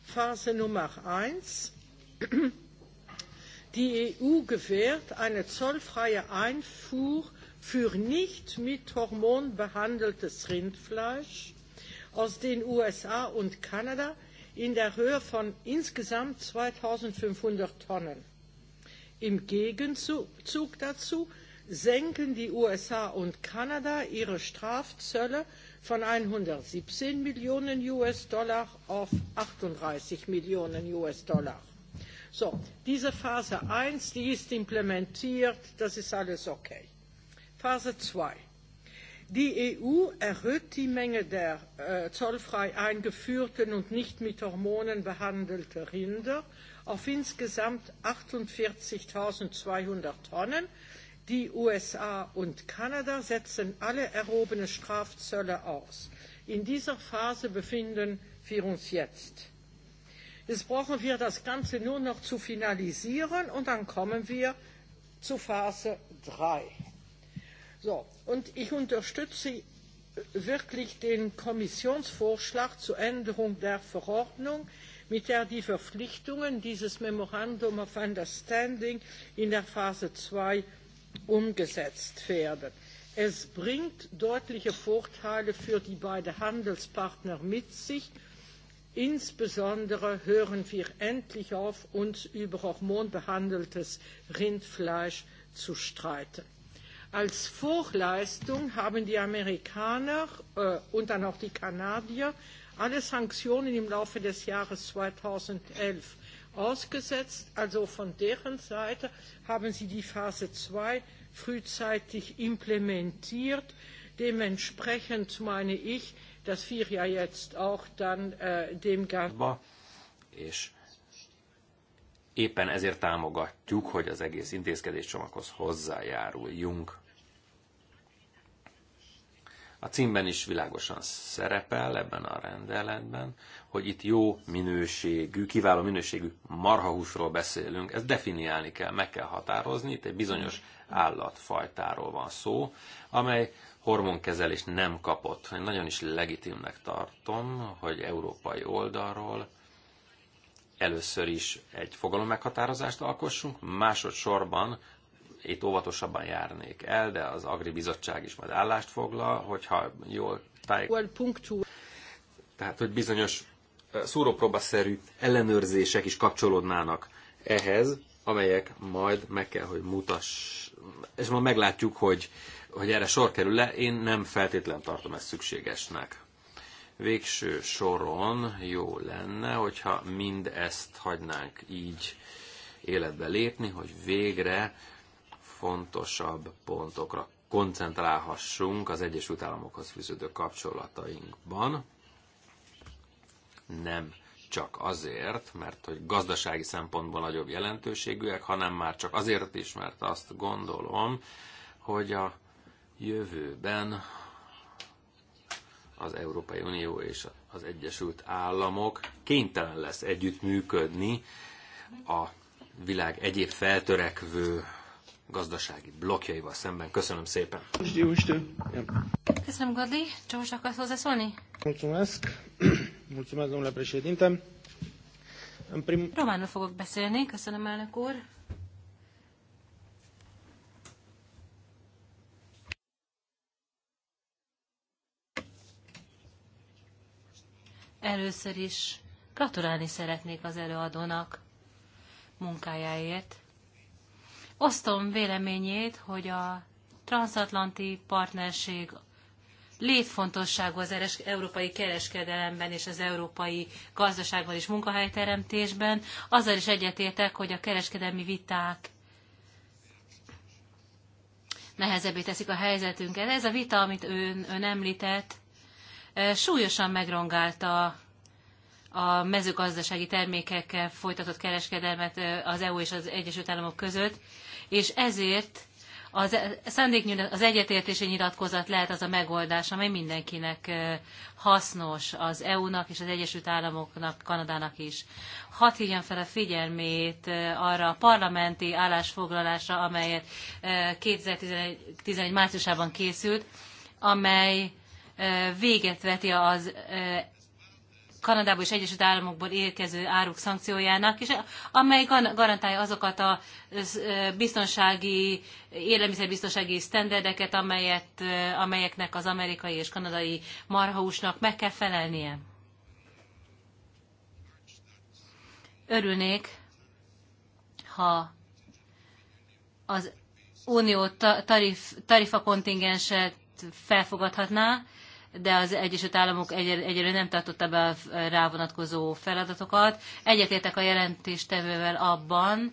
Phase Nummer eins. Die EU gewährt eine zollfreie Einfuhr für nicht mit Hormon behandeltes Rindfleisch aus den USA und Kanada in der Höhe von insgesamt 2500 Tonnen. Im Gegenzug dazu senken die USA und Kanada ihre Strafzölle von 117 Millionen US-Dollar auf 38 Millionen US-Dollar. So, diese Phase 1, die ist implementiert, das ist alles okay. Phase 2. Die EU erhöht die Menge der äh, zollfrei eingeführten und nicht mit Hormonen behandelten Rinder auf insgesamt 48.200 Tonnen Die USA und Kanada setzen alle erhobene Strafzölle aus. In dieser Phase befinden wir uns jetzt. Jetzt brauchen wir das Ganze nur noch zu finalisieren und dann kommen wir zu Phase 3. So, und ich unterstütze wirklich den Kommissionsvorschlag zur Änderung der Verordnung, mit der die Verpflichtungen dieses Memorandum of Understanding in der Phase 2 umgesetzt werden. Es bringt deutliche Vorteile für die beiden Handelspartner mit sich. Insbesondere hören wir endlich auf, uns über hormonbehandeltes Rindfleisch zu streiten. Als Vorleistung haben die Amerikaner äh, und dann auch die Kanadier alle Sanktionen im Laufe des Jahres 2011 ausgesetzt. Also von deren Seite haben sie die Phase 2 frühzeitig implementiert. Dementsprechend meine ich, dass wir ja jetzt auch dann äh, dem Ganzen... És éppen ezért támogatjuk, hogy az egész intézkedéscsomaghoz hozzájáruljunk. A címben is világosan szerepel ebben a rendeletben, hogy itt jó minőségű, kiváló minőségű marhahúsról beszélünk. Ezt definiálni kell, meg kell határozni. Itt egy bizonyos állatfajtáról van szó, amely hormonkezelést nem kapott. Én nagyon is legitimnek tartom, hogy európai oldalról először is egy fogalommeghatározást alkossunk, másodszorban itt óvatosabban járnék el, de az Agri Bizottság is majd állást foglal, hogyha jól táj... Tehát, hogy bizonyos szúrópróbaszerű ellenőrzések is kapcsolódnának ehhez, amelyek majd meg kell, hogy mutass. És ma meglátjuk, hogy, hogy erre sor kerül le, én nem feltétlen tartom ezt szükségesnek. Végső soron jó lenne, hogyha mindezt hagynánk így életbe lépni, hogy végre legfontosabb pontokra koncentrálhassunk az Egyesült Államokhoz fűződő kapcsolatainkban. Nem csak azért, mert hogy gazdasági szempontból nagyobb jelentőségűek, hanem már csak azért is, mert azt gondolom, hogy a jövőben az Európai Unió és az Egyesült Államok kénytelen lesz együttműködni a világ egyéb feltörekvő gazdasági blokkjaival szemben. Köszönöm szépen. Köszönöm, Gadli. most akarsz hozzászólni? Mulțumesc. Mulțumesc, domnule președinte. În prim... Románul fogok beszélni. Köszönöm, elnök úr. Először is gratulálni szeretnék az előadónak munkájáért osztom véleményét, hogy a transatlanti partnerség létfontosságú az európai kereskedelemben és az európai gazdaságban és munkahelyteremtésben. Azzal is egyetértek, hogy a kereskedelmi viták nehezebbé teszik a helyzetünket. Ez a vita, amit ön, ön említett, e, súlyosan megrongálta a mezőgazdasági termékekkel folytatott kereskedelmet e, az EU és az Egyesült Államok között, és ezért az, e- szándéknyilv, az egyetértési nyilatkozat lehet az a megoldás, amely mindenkinek hasznos, az EU-nak és az Egyesült Államoknak, Kanadának is. Hadd hívjam fel a figyelmét arra a parlamenti állásfoglalásra, amelyet 2011 márciusában készült, amely véget veti az Kanadából és Egyesült Államokból érkező áruk szankciójának, és amely garantálja azokat a biztonsági, élelmiszerbiztonsági sztenderdeket, amelyet, amelyeknek az amerikai és kanadai marhahúsnak meg kell felelnie. Örülnék, ha az unió tarif, tarifa kontingenset felfogadhatná, de az Egyesült Államok egyre, egyre nem tartotta be a vonatkozó feladatokat. Egyetértek a jelentéstevővel abban,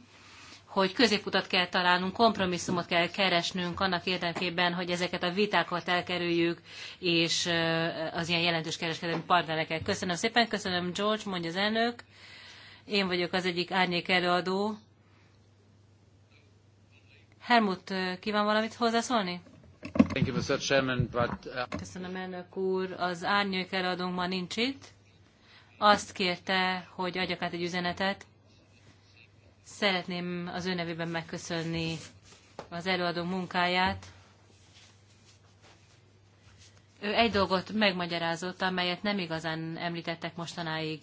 hogy középutat kell találnunk, kompromisszumot kell keresnünk annak érdekében, hogy ezeket a vitákat elkerüljük, és az ilyen jelentős kereskedelmi partnerekkel Köszönöm szépen, köszönöm George, mondja az elnök. Én vagyok az egyik árnyék előadó. Helmut, kíván valamit hozzászólni? Uh, az árnyék eladónk ma nincs itt. Azt kérte, hogy adjak át egy üzenetet. Szeretném az ő nevében megköszönni az előadó munkáját. Ő egy dolgot megmagyarázott, amelyet nem igazán említettek mostanáig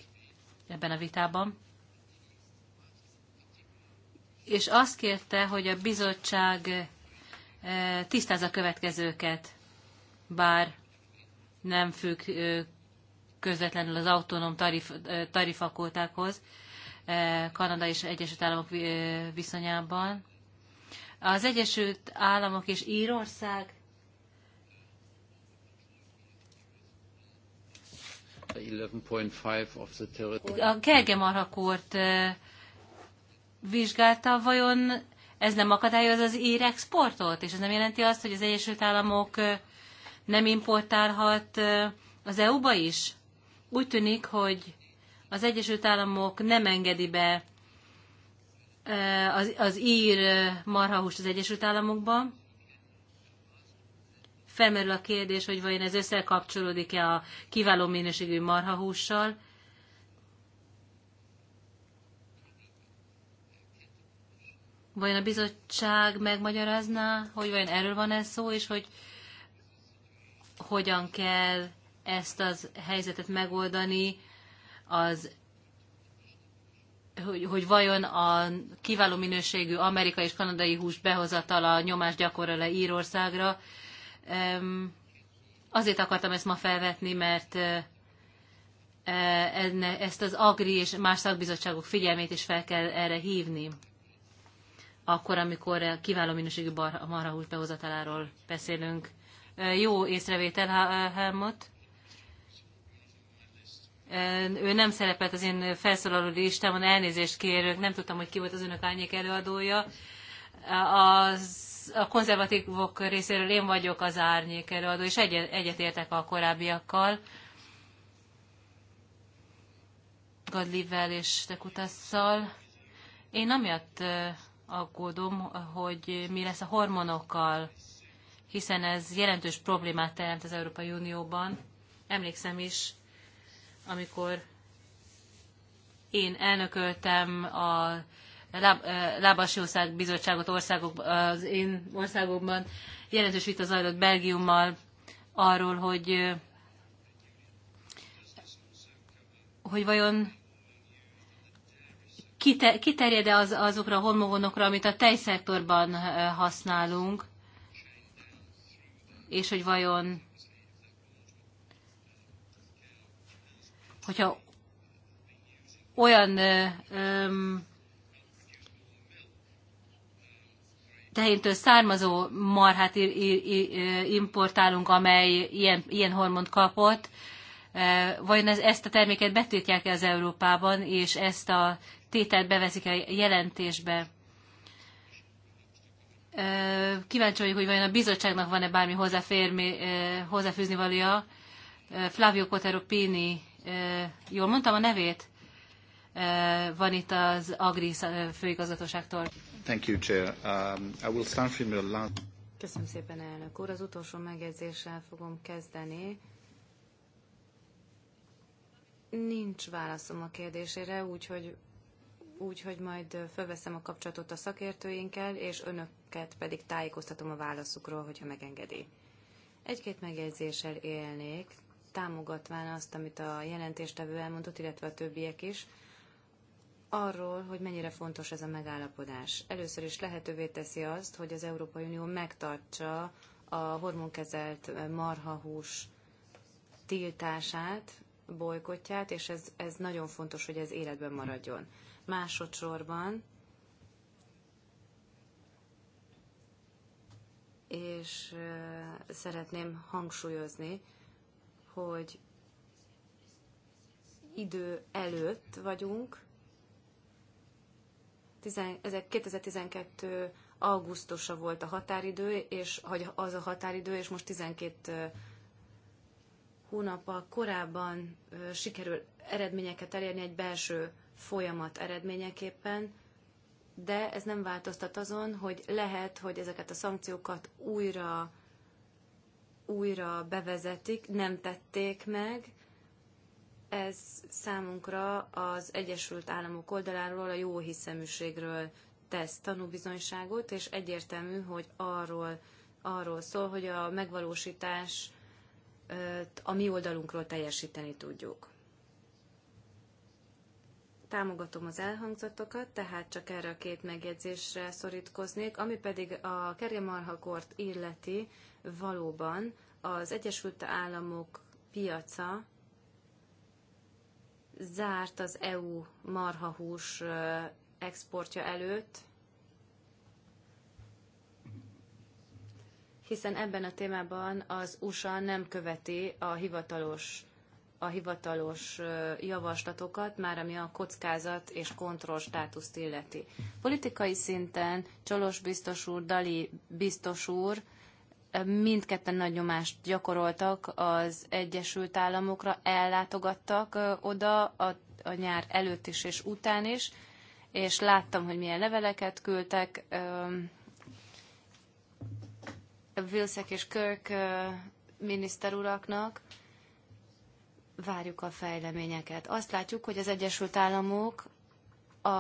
ebben a vitában. És azt kérte, hogy a bizottság tisztázza a következőket, bár nem függ közvetlenül az autonóm tarif, tarifakultákhoz Kanada és Egyesült Államok viszonyában. Az Egyesült Államok és Írország a kort vizsgálta, vajon ez nem akadályoz az ír exportot, és ez nem jelenti azt, hogy az Egyesült Államok nem importálhat az EU-ba is? Úgy tűnik, hogy az Egyesült Államok nem engedi be az, az ír marhahúst az Egyesült Államokba. Felmerül a kérdés, hogy vajon ez összekapcsolódik-e a kiváló minőségű marhahússal, Vajon a bizottság megmagyarázná, hogy vajon erről van-e szó, és hogy hogyan kell ezt az helyzetet megoldani, az, hogy, hogy vajon a kiváló minőségű amerikai és kanadai hús behozatala nyomás gyakorol -e Írországra. Azért akartam ezt ma felvetni, mert eh, eh, ezt az agri és más szakbizottságok figyelmét is fel kell erre hívni akkor, amikor a kiváló minőségű marhahús behozataláról beszélünk. Jó észrevétel, Helmut. Ő nem szerepelt az én felszólaló listámon, elnézést kérök, nem tudtam, hogy ki volt az önök árnyék előadója. Az a konzervatívok részéről én vagyok az árnyék előadó, és egyet, egyetértek a korábbiakkal. Gadlivel és Tekutasszal. Én amiatt aggódom, hogy mi lesz a hormonokkal, hiszen ez jelentős problémát teremt az Európai Unióban. Emlékszem is, amikor én elnököltem a láb, Lábasjószág Bizottságot országok, az én országokban, jelentős vita zajlott Belgiummal arról, hogy hogy vajon kiterjed -e az, azokra a hormonokra, amit a tejszektorban használunk, és hogy vajon, hogyha olyan öm, tehéntől származó marhát importálunk, amely ilyen, ilyen hormont kapott, vajon ez, ezt a terméket betiltják-e az Európában, és ezt a tételt bevezik a jelentésbe. Kíváncsi vagyok, hogy vajon a bizottságnak van-e bármi hozzáférmi, hozzáfűzni valója. Flavio Cotero Pini, jól mondtam a nevét? Van itt az Agri főigazgatóságtól. Thank you, Chair. Um, I will start from the last... Köszönöm szépen, elnök úr. Az utolsó megjegyzéssel fogom kezdeni. Nincs válaszom a kérdésére, úgyhogy úgyhogy majd felveszem a kapcsolatot a szakértőinkkel, és önöket pedig tájékoztatom a válaszukról, hogyha megengedi. Egy-két megjegyzéssel élnék, támogatván azt, amit a jelentéstevő elmondott, illetve a többiek is, arról, hogy mennyire fontos ez a megállapodás. Először is lehetővé teszi azt, hogy az Európai Unió megtartsa a hormonkezelt marhahús tiltását, bolykotját, és ez, ez nagyon fontos, hogy ez életben maradjon másodszorban, és szeretném hangsúlyozni, hogy idő előtt vagyunk, 2012 augusztusa volt a határidő, és hogy az a határidő, és most 12 hónappal korábban sikerül eredményeket elérni egy belső folyamat eredményeképpen, de ez nem változtat azon, hogy lehet, hogy ezeket a szankciókat újra, újra bevezetik, nem tették meg. Ez számunkra az Egyesült Államok oldaláról a jó hiszeműségről tesz tanúbizonyságot, és egyértelmű, hogy arról, arról szól, hogy a megvalósítás a mi oldalunkról teljesíteni tudjuk támogatom az elhangzatokat, tehát csak erre a két megjegyzésre szorítkoznék, ami pedig a kergemarhakort illeti valóban az Egyesült Államok piaca zárt az EU marhahús exportja előtt, hiszen ebben a témában az USA nem követi a hivatalos a hivatalos javaslatokat, már ami a kockázat és kontroll státuszt illeti. Politikai szinten Csolos biztos úr, Dali biztos úr mindketten nagy nyomást gyakoroltak az Egyesült Államokra, ellátogattak oda a, a nyár előtt is és után is, és láttam, hogy milyen leveleket küldtek. Vilszek és Körk miniszteruraknak, várjuk a fejleményeket. Azt látjuk, hogy az Egyesült Államok a,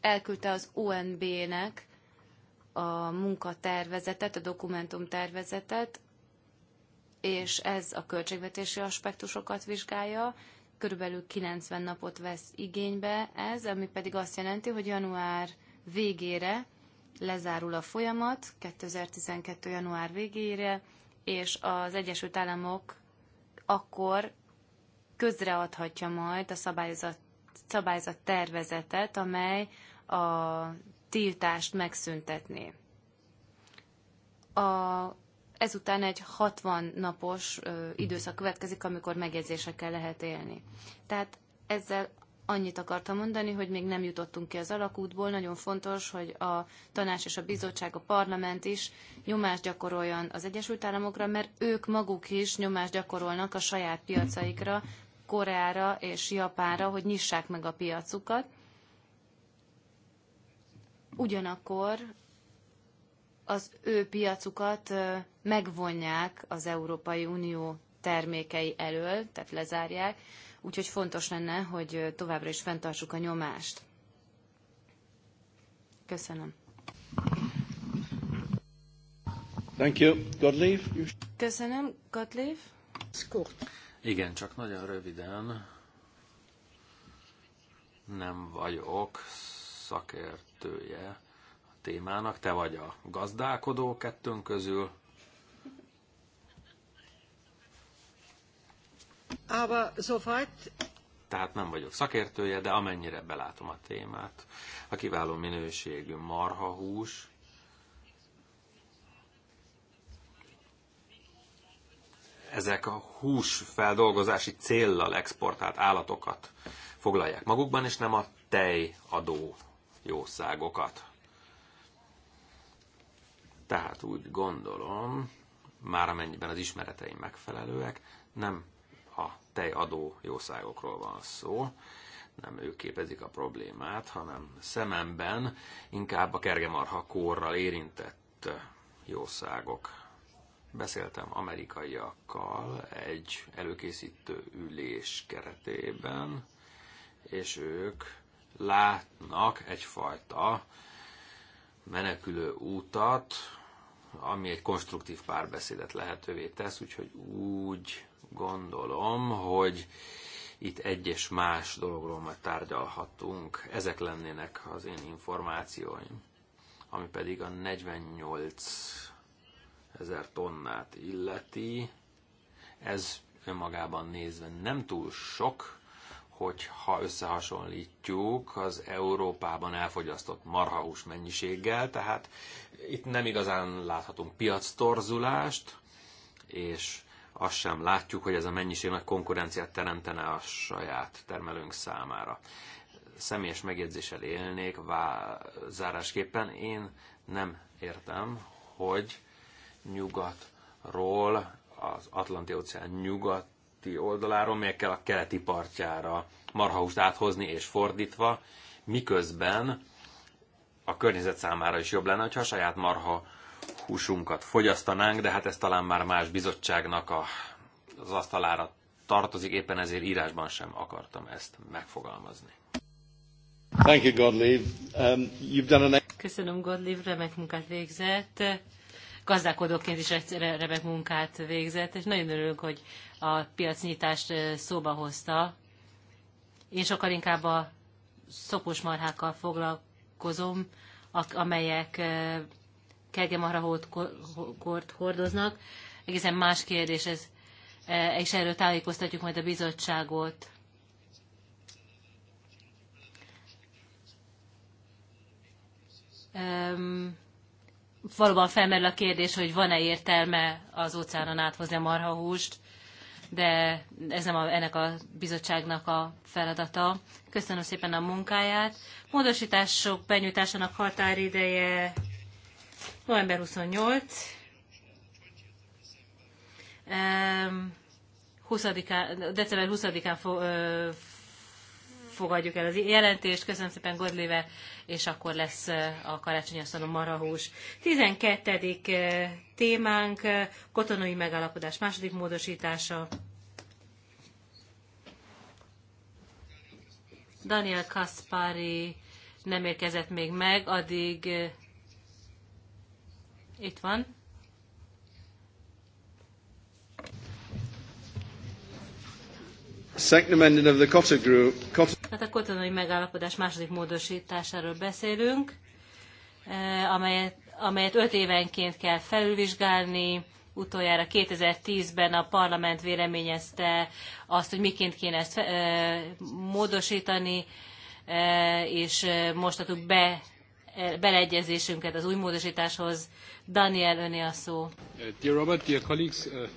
elküldte az UNB-nek a munkatervezetet, a dokumentumtervezetet, és ez a költségvetési aspektusokat vizsgálja. Körülbelül 90 napot vesz igénybe ez, ami pedig azt jelenti, hogy január végére lezárul a folyamat, 2012. január végére, és az Egyesült Államok akkor közreadhatja majd a szabályzat, szabályozat tervezetet, amely a tiltást megszüntetné. A, ezután egy 60 napos ö, időszak következik, amikor megjegyzésekkel lehet élni. Tehát ezzel annyit akartam mondani, hogy még nem jutottunk ki az alakútból. Nagyon fontos, hogy a tanács és a bizottság, a parlament is nyomást gyakoroljon az Egyesült Államokra, mert ők maguk is nyomást gyakorolnak a saját piacaikra, Koreára és Japánra, hogy nyissák meg a piacukat. Ugyanakkor az ő piacukat megvonják az Európai Unió termékei elől, tehát lezárják úgyhogy fontos lenne, hogy továbbra is fenntartsuk a nyomást. Köszönöm. Thank you. Gottlieb? Köszönöm. Gottlieb? Igen, csak nagyon röviden. Nem vagyok szakértője a témának. Te vagy a gazdálkodó kettőnk közül. Aber Tehát nem vagyok szakértője, de amennyire belátom a témát. A kiváló minőségű marhahús, ezek a húsfeldolgozási céllal exportált állatokat foglalják magukban, és nem a tejadó jószágokat. Tehát úgy gondolom, már amennyiben az ismereteim megfelelőek, nem a tejadó jószágokról van szó, nem ők képezik a problémát, hanem szememben inkább a kergemarha korral érintett jószágok. Beszéltem amerikaiakkal egy előkészítő ülés keretében, és ők látnak egyfajta menekülő útat, ami egy konstruktív párbeszédet lehetővé tesz, úgyhogy úgy gondolom, hogy itt egy és más dologról majd tárgyalhatunk. Ezek lennének az én információim, ami pedig a 48 ezer tonnát illeti. Ez önmagában nézve nem túl sok, hogyha összehasonlítjuk az Európában elfogyasztott marhahús mennyiséggel, tehát itt nem igazán láthatunk piac torzulást, és azt sem látjuk, hogy ez a mennyiség nagy konkurenciát teremtene a saját termelőnk számára. Személyes megjegyzéssel élnék vá- zárásképpen. Én nem értem, hogy nyugatról, az Atlanti-óceán nyugati oldaláról miért kell a keleti partjára marhahúst áthozni és fordítva, miközben a környezet számára is jobb lenne, ha a saját marha húsunkat fogyasztanánk, de hát ez talán már más bizottságnak a, az asztalára tartozik, éppen ezért írásban sem akartam ezt megfogalmazni. Thank you, Godlieb. Um, you've done an... Köszönöm, Godlieb, remek munkát végzett. Gazdálkodóként is remek munkát végzett, és nagyon örülök, hogy a piacnyitást szóba hozta. Én sokkal inkább a szopos marhákkal foglalkozom, amelyek kegemara kort hordoznak. Egészen más kérdés ez, e, és erről tájékoztatjuk majd a bizottságot. Um, valóban felmerül a kérdés, hogy van-e értelme az óceánon áthozni a marhahúst, de ez nem a, ennek a bizottságnak a feladata. Köszönöm szépen a munkáját. Módosítások benyújtásának határideje November 28, 20-án, december 20-án fogadjuk el az jelentést. Köszönöm szépen Godlive, és akkor lesz a karácsonyi asztalon marahús. 12. témánk, kotonai megállapodás második módosítása. Daniel Kaspari nem érkezett még meg, addig itt van. Second amendment of the Cotter Group. Cotter... Hát a kotonai megállapodás második módosításáról beszélünk, eh, amelyet, amelyet öt évenként kell felülvizsgálni. Utoljára 2010-ben a parlament véleményezte azt, hogy miként kéne ezt eh, módosítani, eh, és most adtuk be E, beleegyezésünket az új módosításhoz. Daniel, öné a szó. Uh, dear Robert, dear colleagues, uh,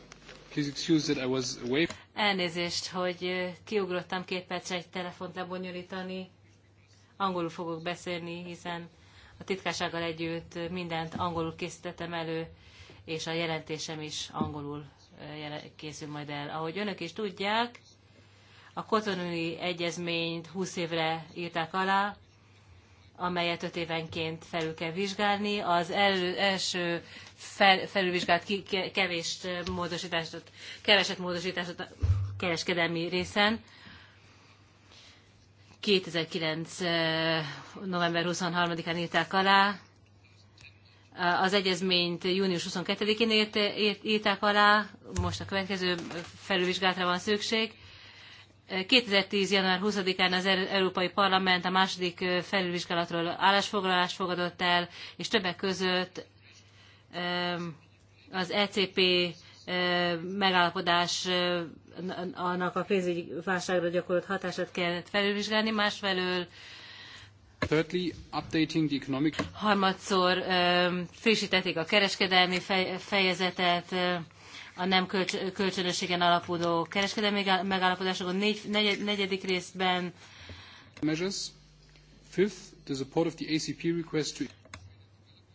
please excuse that I was away. Elnézést, hogy uh, kiugrottam két percre egy telefont lebonyolítani. Angolul fogok beszélni, hiszen a titkársággal együtt uh, mindent angolul készítettem elő, és a jelentésem is angolul készül majd el. Ahogy önök is tudják, a kotonui egyezményt 20 évre írták alá, amelyet öt évenként felül kell vizsgálni. Az elő, első fel, felülvizsgált ki, kevés módosítást, keveset módosítást a kereskedelmi részen. 2009. Eh, november 23-án írták alá, eh, az egyezményt június 22-én írták alá, most a következő felülvizsgálatra van szükség. 2010. január 20-án az er- Európai Parlament a második felülvizsgálatról állásfoglalást fogadott el, és többek között az ECP megállapodás annak a pénzügyi válságra gyakorolt hatását kellett felülvizsgálni, másfelől Thirdly, updating the economic... harmadszor frissítették a kereskedelmi fejezetet, a nem kölcsönösségen alapuló kereskedelmi megállapodásokon. Négy, negyedik részben Measures. Fifth, the support of the ACP request to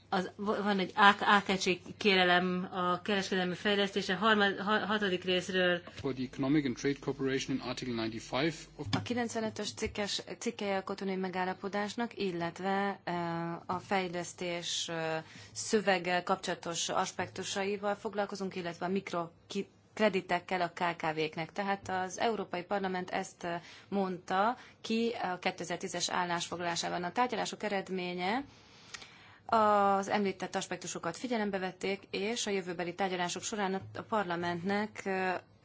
az, van egy ákácsi kérelem a kereskedelmi fejlesztése harmad, hatodik részről. For the Economic and Trade Cooperation in Article 95 of... A 95-ös cikkes, cikkei a kotonai megállapodásnak, illetve eh, a fejlesztés eh, szöveggel kapcsolatos aspektusaival foglalkozunk, illetve a mikro kreditekkel a KKV-knek. Tehát az Európai Parlament ezt eh, mondta ki a 2010-es állásfoglalásában. A tárgyalások eredménye az említett aspektusokat figyelembe vették, és a jövőbeli tárgyalások során a parlamentnek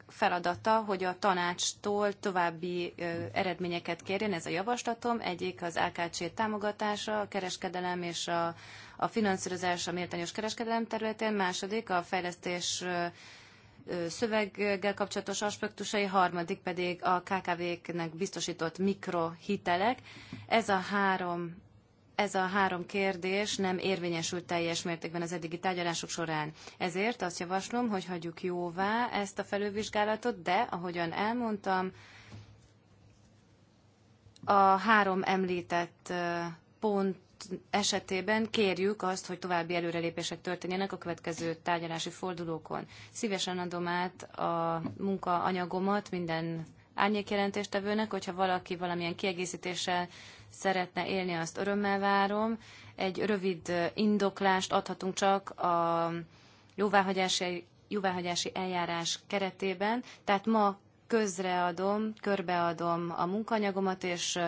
feladata, hogy a tanácstól további eredményeket kérjen. Ez a javaslatom. Egyik az AKC támogatása, a kereskedelem és a, a finanszírozás a méltányos kereskedelem területén. Második a fejlesztés szöveggel kapcsolatos aspektusai, harmadik pedig a KKV-knek biztosított mikrohitelek. Ez a három ez a három kérdés nem érvényesült teljes mértékben az eddigi tárgyalások során. Ezért azt javaslom, hogy hagyjuk jóvá ezt a felővizsgálatot, de ahogyan elmondtam, a három említett pont esetében kérjük azt, hogy további előrelépések történjenek a következő tárgyalási fordulókon. Szívesen adom át a munkaanyagomat minden árnyékjelentéstevőnek, hogyha valaki valamilyen kiegészítéssel szeretne élni, azt örömmel várom. Egy rövid indoklást adhatunk csak a jóváhagyási, jóváhagyási eljárás keretében. Tehát ma közreadom, körbeadom a munkanyagomat, és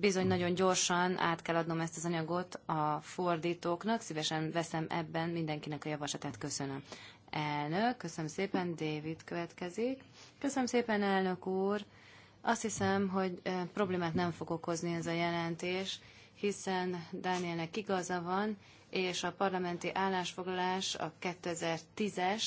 bizony nagyon gyorsan át kell adnom ezt az anyagot a fordítóknak. Szívesen veszem ebben mindenkinek a javaslatát. Köszönöm. Elnök, köszönöm szépen, David következik. Köszönöm szépen, elnök úr. Azt hiszem, hogy eh, problémát nem fog okozni ez a jelentés, hiszen Dánielnek igaza van, és a parlamenti állásfoglalás a 2010-es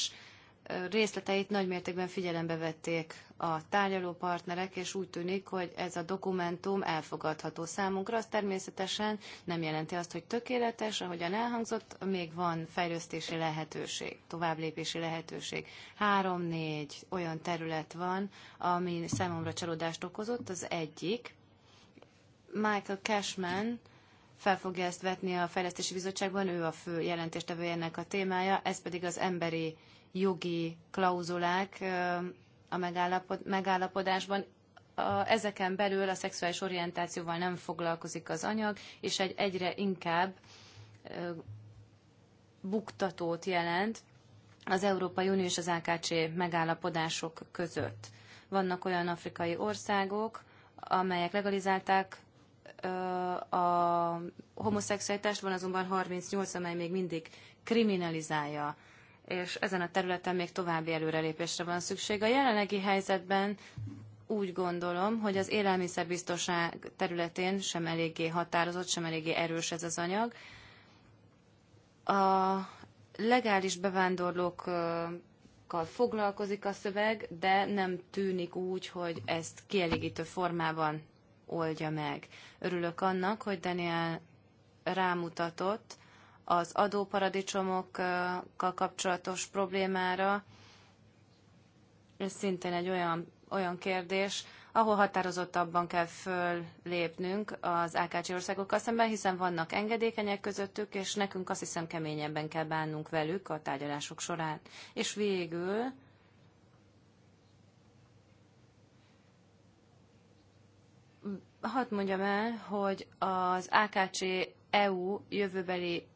részleteit nagymértékben figyelembe vették a tárgyaló partnerek, és úgy tűnik, hogy ez a dokumentum elfogadható számunkra. Az természetesen nem jelenti azt, hogy tökéletes, ahogyan elhangzott, még van fejlesztési lehetőség, továbblépési lehetőség. Három-négy olyan terület van, ami számomra csalódást okozott. Az egyik, Michael Cashman, fel fogja ezt vetni a Fejlesztési Bizottságban, ő a fő jelentéstevője ennek a témája, ez pedig az emberi jogi klauzulák a megállapodásban. Ezeken belül a szexuális orientációval nem foglalkozik az anyag, és egy egyre inkább buktatót jelent az Európai Unió és az AKC megállapodások között. Vannak olyan afrikai országok, amelyek legalizálták a homoszexualitást, van azonban 38, amely még mindig kriminalizálja és ezen a területen még további előrelépésre van szükség. A jelenlegi helyzetben úgy gondolom, hogy az élelmiszerbiztonság területén sem eléggé határozott, sem eléggé erős ez az anyag. A legális bevándorlókkal foglalkozik a szöveg, de nem tűnik úgy, hogy ezt kielégítő formában oldja meg. Örülök annak, hogy Daniel rámutatott, az adóparadicsomokkal kapcsolatos problémára. Ez szintén egy olyan, olyan kérdés, ahol határozottabban kell föllépnünk az AKC országokkal szemben, hiszen vannak engedékenyek közöttük, és nekünk azt hiszem keményebben kell bánnunk velük a tárgyalások során. És végül hadd mondjam el, hogy az AKC EU jövőbeli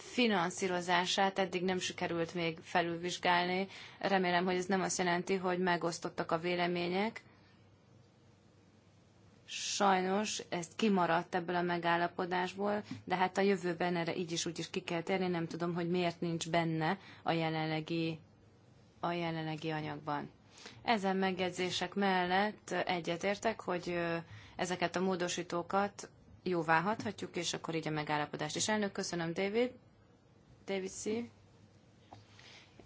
finanszírozását eddig nem sikerült még felülvizsgálni. Remélem, hogy ez nem azt jelenti, hogy megosztottak a vélemények. Sajnos ezt kimaradt ebből a megállapodásból, de hát a jövőben erre így is úgy is ki kell térni, nem tudom, hogy miért nincs benne a jelenlegi, a jelenlegi anyagban. Ezen megjegyzések mellett egyetértek, hogy ezeket a módosítókat jóvá hathatjuk, és akkor így a megállapodást is. Elnök, köszönöm, David.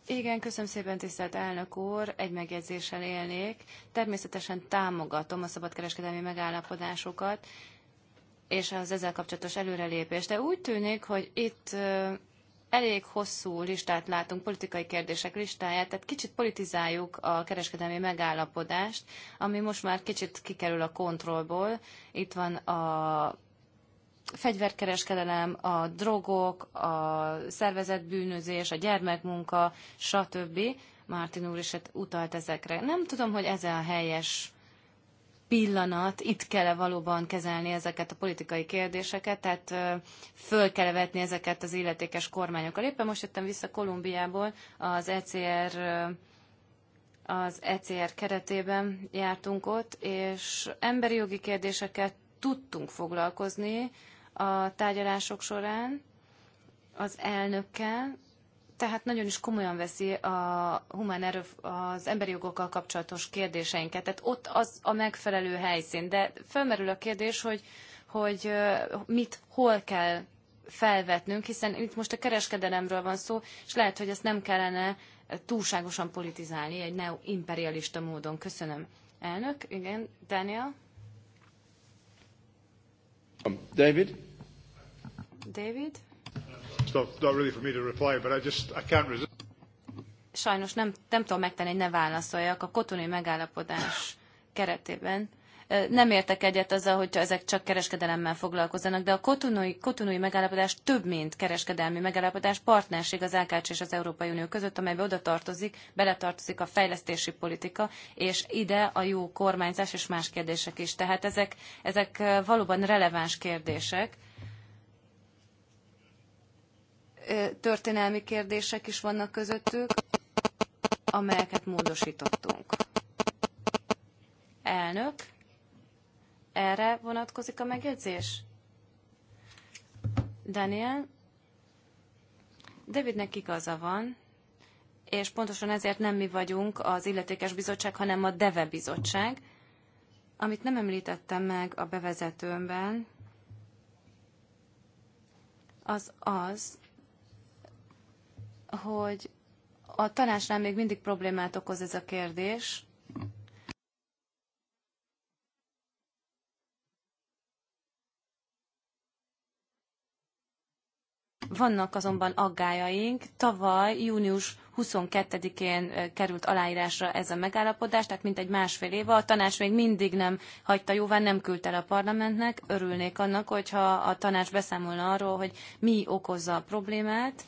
Igen, köszönöm szépen, tisztelt elnök úr. Egy megjegyzéssel élnék. Természetesen támogatom a szabadkereskedelmi megállapodásokat és az ezzel kapcsolatos előrelépést, de úgy tűnik, hogy itt elég hosszú listát látunk, politikai kérdések listáját, tehát kicsit politizáljuk a kereskedelmi megállapodást, ami most már kicsit kikerül a kontrollból. Itt van a fegyverkereskedelem, a drogok, a szervezetbűnözés, a gyermekmunka, stb. Mártin úr is hát utalt ezekre. Nem tudom, hogy ez a helyes pillanat, itt kell -e valóban kezelni ezeket a politikai kérdéseket, tehát föl kell vetni ezeket az illetékes kormányokkal. Éppen most jöttem vissza Kolumbiából, az ECR az ECR keretében jártunk ott, és emberi jogi kérdéseket tudtunk foglalkozni, a tárgyalások során az elnökkel, tehát nagyon is komolyan veszi a humán erő, az emberi jogokkal kapcsolatos kérdéseinket. Tehát ott az a megfelelő helyszín. De felmerül a kérdés, hogy, hogy mit, hol kell felvetnünk, hiszen itt most a kereskedelemről van szó, és lehet, hogy ezt nem kellene túlságosan politizálni egy neoimperialista módon. Köszönöm. Elnök, igen, Daniel. Um, David? David? It's not, not really for me to reply, but I just, I can't resist. Sajnos nem, nem tudom megtenni, hogy ne válaszoljak. A kotonai megállapodás keretében nem értek egyet azzal, hogyha ezek csak kereskedelemmel foglalkozzanak, de a kotonui, kotonui megállapodás több, mint kereskedelmi megállapodás, partnerség az LKC és az Európai Unió között, amelybe oda tartozik, beletartozik a fejlesztési politika, és ide a jó kormányzás és más kérdések is. Tehát ezek, ezek valóban releváns kérdések történelmi kérdések is vannak közöttük, amelyeket módosítottunk. Elnök, erre vonatkozik a megjegyzés? Daniel, Davidnek igaza van, és pontosan ezért nem mi vagyunk az illetékes bizottság, hanem a DEVE bizottság, amit nem említettem meg a bevezetőmben, az az, hogy a tanácsnál még mindig problémát okoz ez a kérdés, Vannak azonban aggájaink. Tavaly június 22-én került aláírásra ez a megállapodás, tehát egy másfél éve. A tanács még mindig nem hagyta jóvá, nem küldte el a parlamentnek. Örülnék annak, hogyha a tanács beszámolna arról, hogy mi okozza a problémát,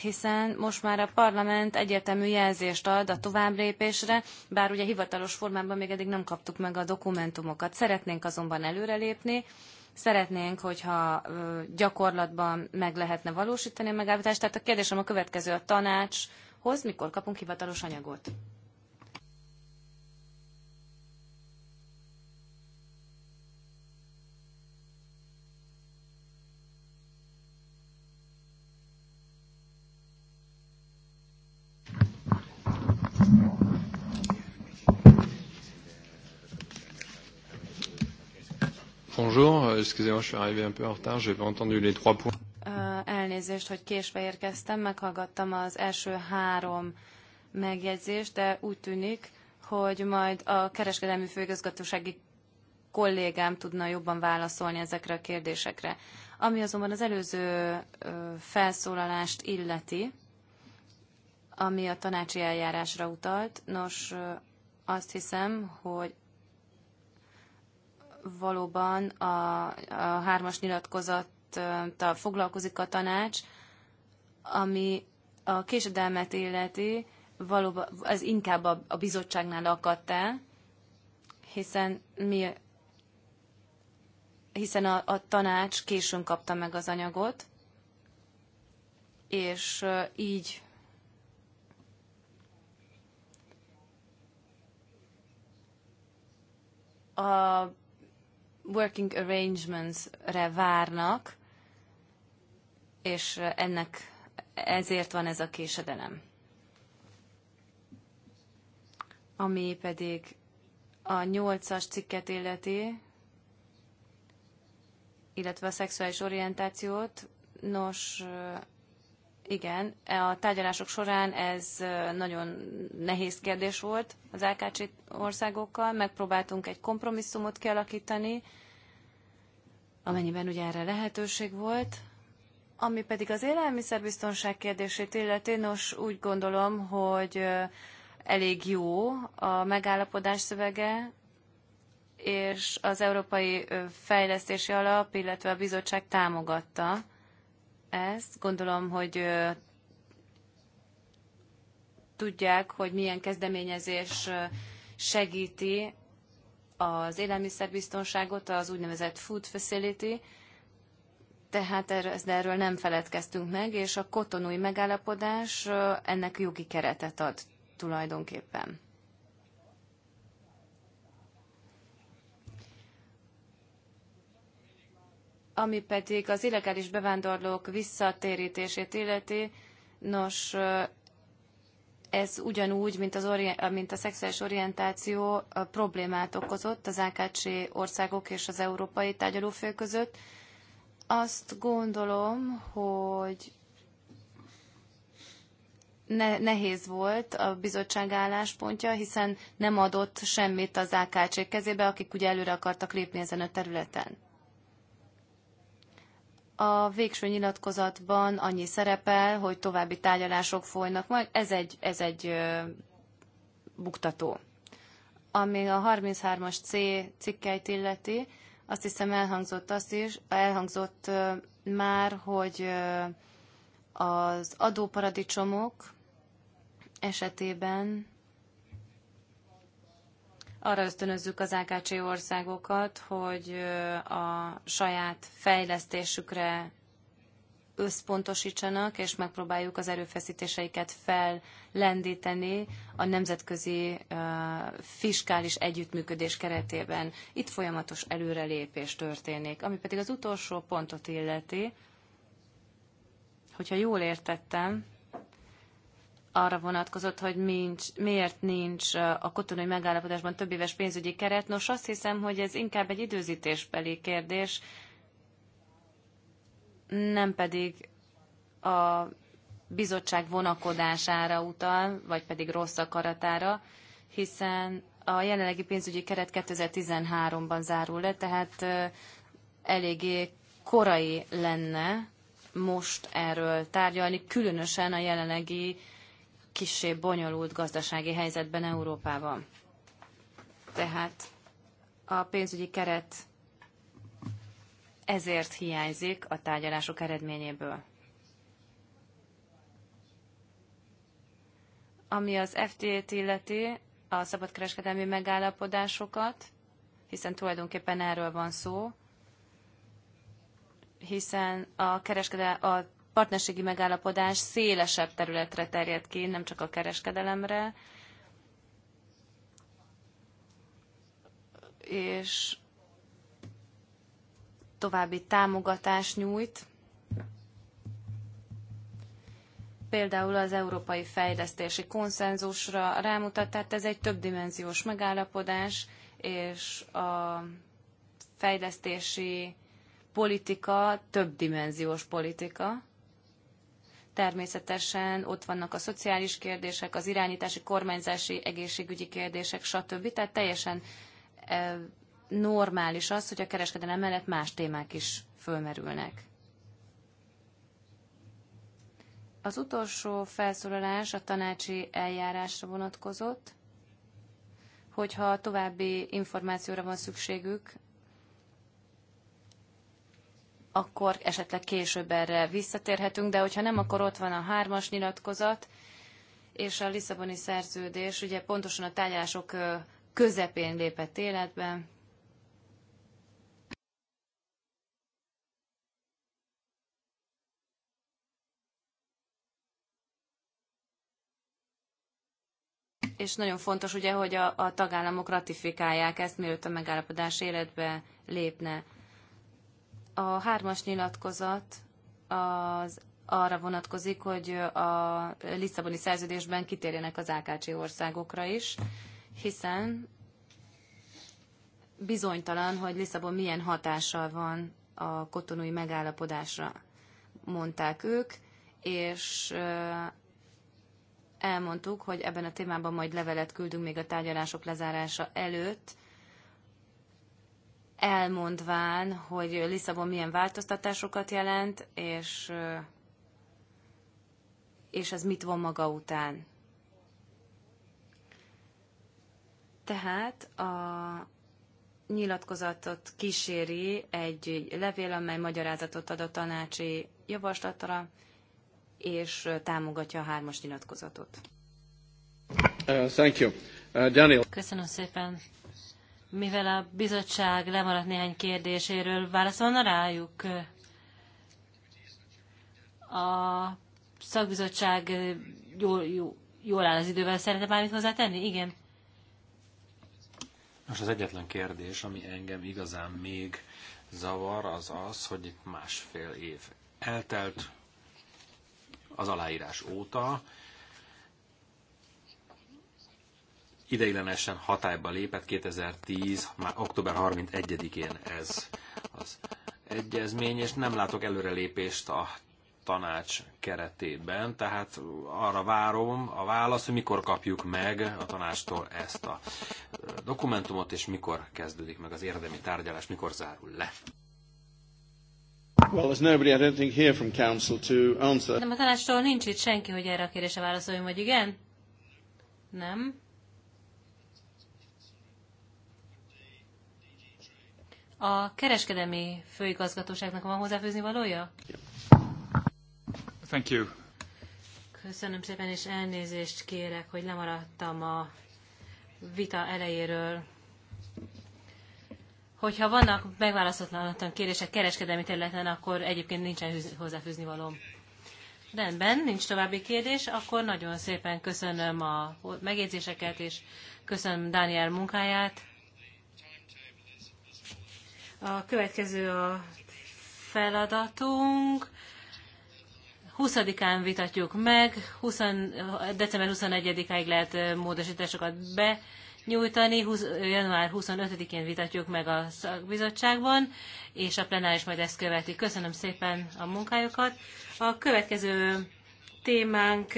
hiszen most már a parlament egyértelmű jelzést ad a továbblépésre, bár ugye hivatalos formában még eddig nem kaptuk meg a dokumentumokat. Szeretnénk azonban előrelépni, Szeretnénk, hogyha gyakorlatban meg lehetne valósítani a megállapítást. Tehát a kérdésem a következő a tanácshoz, mikor kapunk hivatalos anyagot? Thank you. bonjour. Euh, excusez-moi, je suis arrivé un peu en retard. J'ai pas entendu les trois points. Euh, elnézést, hogy késve érkeztem, meghallgattam az első három megjegyzést, de úgy tűnik, hogy majd a kereskedelmi főigazgatósági kollégám tudna jobban válaszolni ezekre a kérdésekre. Ami azonban az előző felszólalást illeti, ami a tanácsi eljárásra utalt, nos, azt hiszem, hogy valóban a, a hármas nyilatkozattal foglalkozik a tanács, ami a késedelmet illeti, valóban ez inkább a, a bizottságnál akadt el, hiszen mi hiszen a, a tanács későn kapta meg az anyagot, és így a working arrangements-re várnak, és ennek ezért van ez a késedelem. Ami pedig a nyolcas cikket illeti, illetve a szexuális orientációt, nos, igen, e, a tárgyalások során ez nagyon nehéz kérdés volt az AKC országokkal. Megpróbáltunk egy kompromisszumot kialakítani, amennyiben ugye erre lehetőség volt. Ami pedig az élelmiszerbiztonság kérdését illeti, nos úgy gondolom, hogy elég jó a megállapodás szövege, és az Európai Fejlesztési Alap, illetve a bizottság támogatta ezt. Gondolom, hogy tudják, hogy milyen kezdeményezés segíti az élelmiszerbiztonságot, az úgynevezett food facility, tehát erről nem feledkeztünk meg, és a kotonui megállapodás ennek jogi keretet ad tulajdonképpen. Ami pedig az illegális bevándorlók visszatérítését illeti, nos, ez ugyanúgy, mint, az orient, mint a szexuális orientáció a problémát okozott az AKC országok és az európai tárgyalófő között. Azt gondolom, hogy ne- nehéz volt a bizottság álláspontja, hiszen nem adott semmit az AKC kezébe, akik ugye előre akartak lépni ezen a területen. A végső nyilatkozatban annyi szerepel, hogy további tárgyalások folynak majd. Ez egy, ez egy buktató. Ami a 33-as C cikkeit illeti, azt hiszem elhangzott azt is, elhangzott már, hogy az adóparadicsomok esetében arra ösztönözzük az AKC országokat, hogy a saját fejlesztésükre összpontosítsanak, és megpróbáljuk az erőfeszítéseiket fellendíteni a nemzetközi uh, fiskális együttműködés keretében. Itt folyamatos előrelépés történik. Ami pedig az utolsó pontot illeti, hogyha jól értettem, arra vonatkozott, hogy nincs, miért nincs a kotonai megállapodásban több éves pénzügyi keret. Nos, azt hiszem, hogy ez inkább egy időzítésbeli kérdés, nem pedig a bizottság vonakodására utal, vagy pedig rossz akaratára, hiszen a jelenlegi pénzügyi keret 2013-ban zárul le, tehát eléggé korai lenne most erről tárgyalni, különösen a jelenlegi kissé bonyolult gazdasági helyzetben Európában. Tehát a pénzügyi keret ezért hiányzik a tárgyalások eredményéből. Ami az FTA-t illeti, a szabadkereskedelmi megállapodásokat, hiszen tulajdonképpen erről van szó, hiszen a, kereskedel, a partnerségi megállapodás szélesebb területre terjed ki, nem csak a kereskedelemre, és további támogatást nyújt, például az európai fejlesztési konszenzusra rámutat, tehát ez egy többdimenziós megállapodás, és a fejlesztési politika többdimenziós politika. Természetesen ott vannak a szociális kérdések, az irányítási, kormányzási, egészségügyi kérdések, stb. Tehát teljesen normális az, hogy a kereskedelem mellett más témák is fölmerülnek. Az utolsó felszólalás a tanácsi eljárásra vonatkozott, hogyha további információra van szükségük akkor esetleg később erre visszatérhetünk, de hogyha nem, akkor ott van a hármas nyilatkozat, és a Lisszaboni szerződés ugye pontosan a tárgyalások közepén lépett életbe. És nagyon fontos ugye, hogy a, a tagállamok ratifikálják ezt, mielőtt a megállapodás életbe lépne. A hármas nyilatkozat az arra vonatkozik, hogy a Lisszaboni szerződésben kitérjenek az AKC országokra is, hiszen bizonytalan, hogy Lisszabon milyen hatással van a kotonói megállapodásra, mondták ők, és elmondtuk, hogy ebben a témában majd levelet küldünk még a tárgyalások lezárása előtt, elmondván, hogy Lisszabon milyen változtatásokat jelent, és, és ez mit von maga után. Tehát a nyilatkozatot kíséri egy levél, amely magyarázatot ad a tanácsi javaslatra, és támogatja a hármas nyilatkozatot. Uh, thank you. Uh, Daniel. Köszönöm szépen mivel a bizottság lemaradt néhány kérdéséről, válaszolna rájuk. A szakbizottság jól, jól, áll az idővel, szeretne bármit hozzátenni? Igen. Most az egyetlen kérdés, ami engem igazán még zavar, az az, hogy itt másfél év eltelt az aláírás óta, ideiglenesen hatályba lépett 2010. Már október 31-én ez az egyezmény, és nem látok előrelépést a tanács keretében, tehát arra várom a választ, hogy mikor kapjuk meg a tanástól ezt a dokumentumot, és mikor kezdődik meg az érdemi tárgyalás, mikor zárul le. Well, there's nobody, I don't think, here from council to answer. De a tanástól nincs itt senki, hogy erre a kérdésre válaszoljon, vagy igen? Nem? A kereskedelmi főigazgatóságnak van hozzáfőzni valója? Thank you. Köszönöm szépen, és elnézést kérek, hogy lemaradtam a vita elejéről. Hogyha vannak megválaszolatlan kérések kereskedelmi területen, akkor egyébként nincsen hozzáfűzni valóm. Rendben, nincs további kérdés, akkor nagyon szépen köszönöm a megjegyzéseket, és köszönöm Dániel munkáját. A következő a feladatunk. 20-án vitatjuk meg, 20, december 21-ig lehet módosításokat benyújtani, 20, január 25-én vitatjuk meg a szakbizottságban, és a plenáris majd ezt követi. Köszönöm szépen a munkájukat. A következő témánk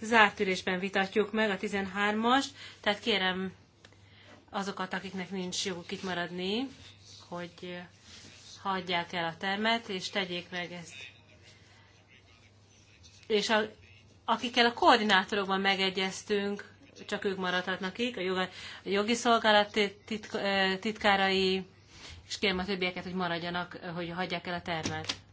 zárt ülésben vitatjuk meg, a 13-as, tehát kérem azokat, akiknek nincs joguk itt maradni, hogy hagyják el a termet, és tegyék meg ezt. És a, akikkel a koordinátorokban megegyeztünk, csak ők maradhatnak így, a, joga, a jogi szolgálat titk, eh, titkárai, és kérem a többieket, hogy maradjanak, eh, hogy hagyják el a termet.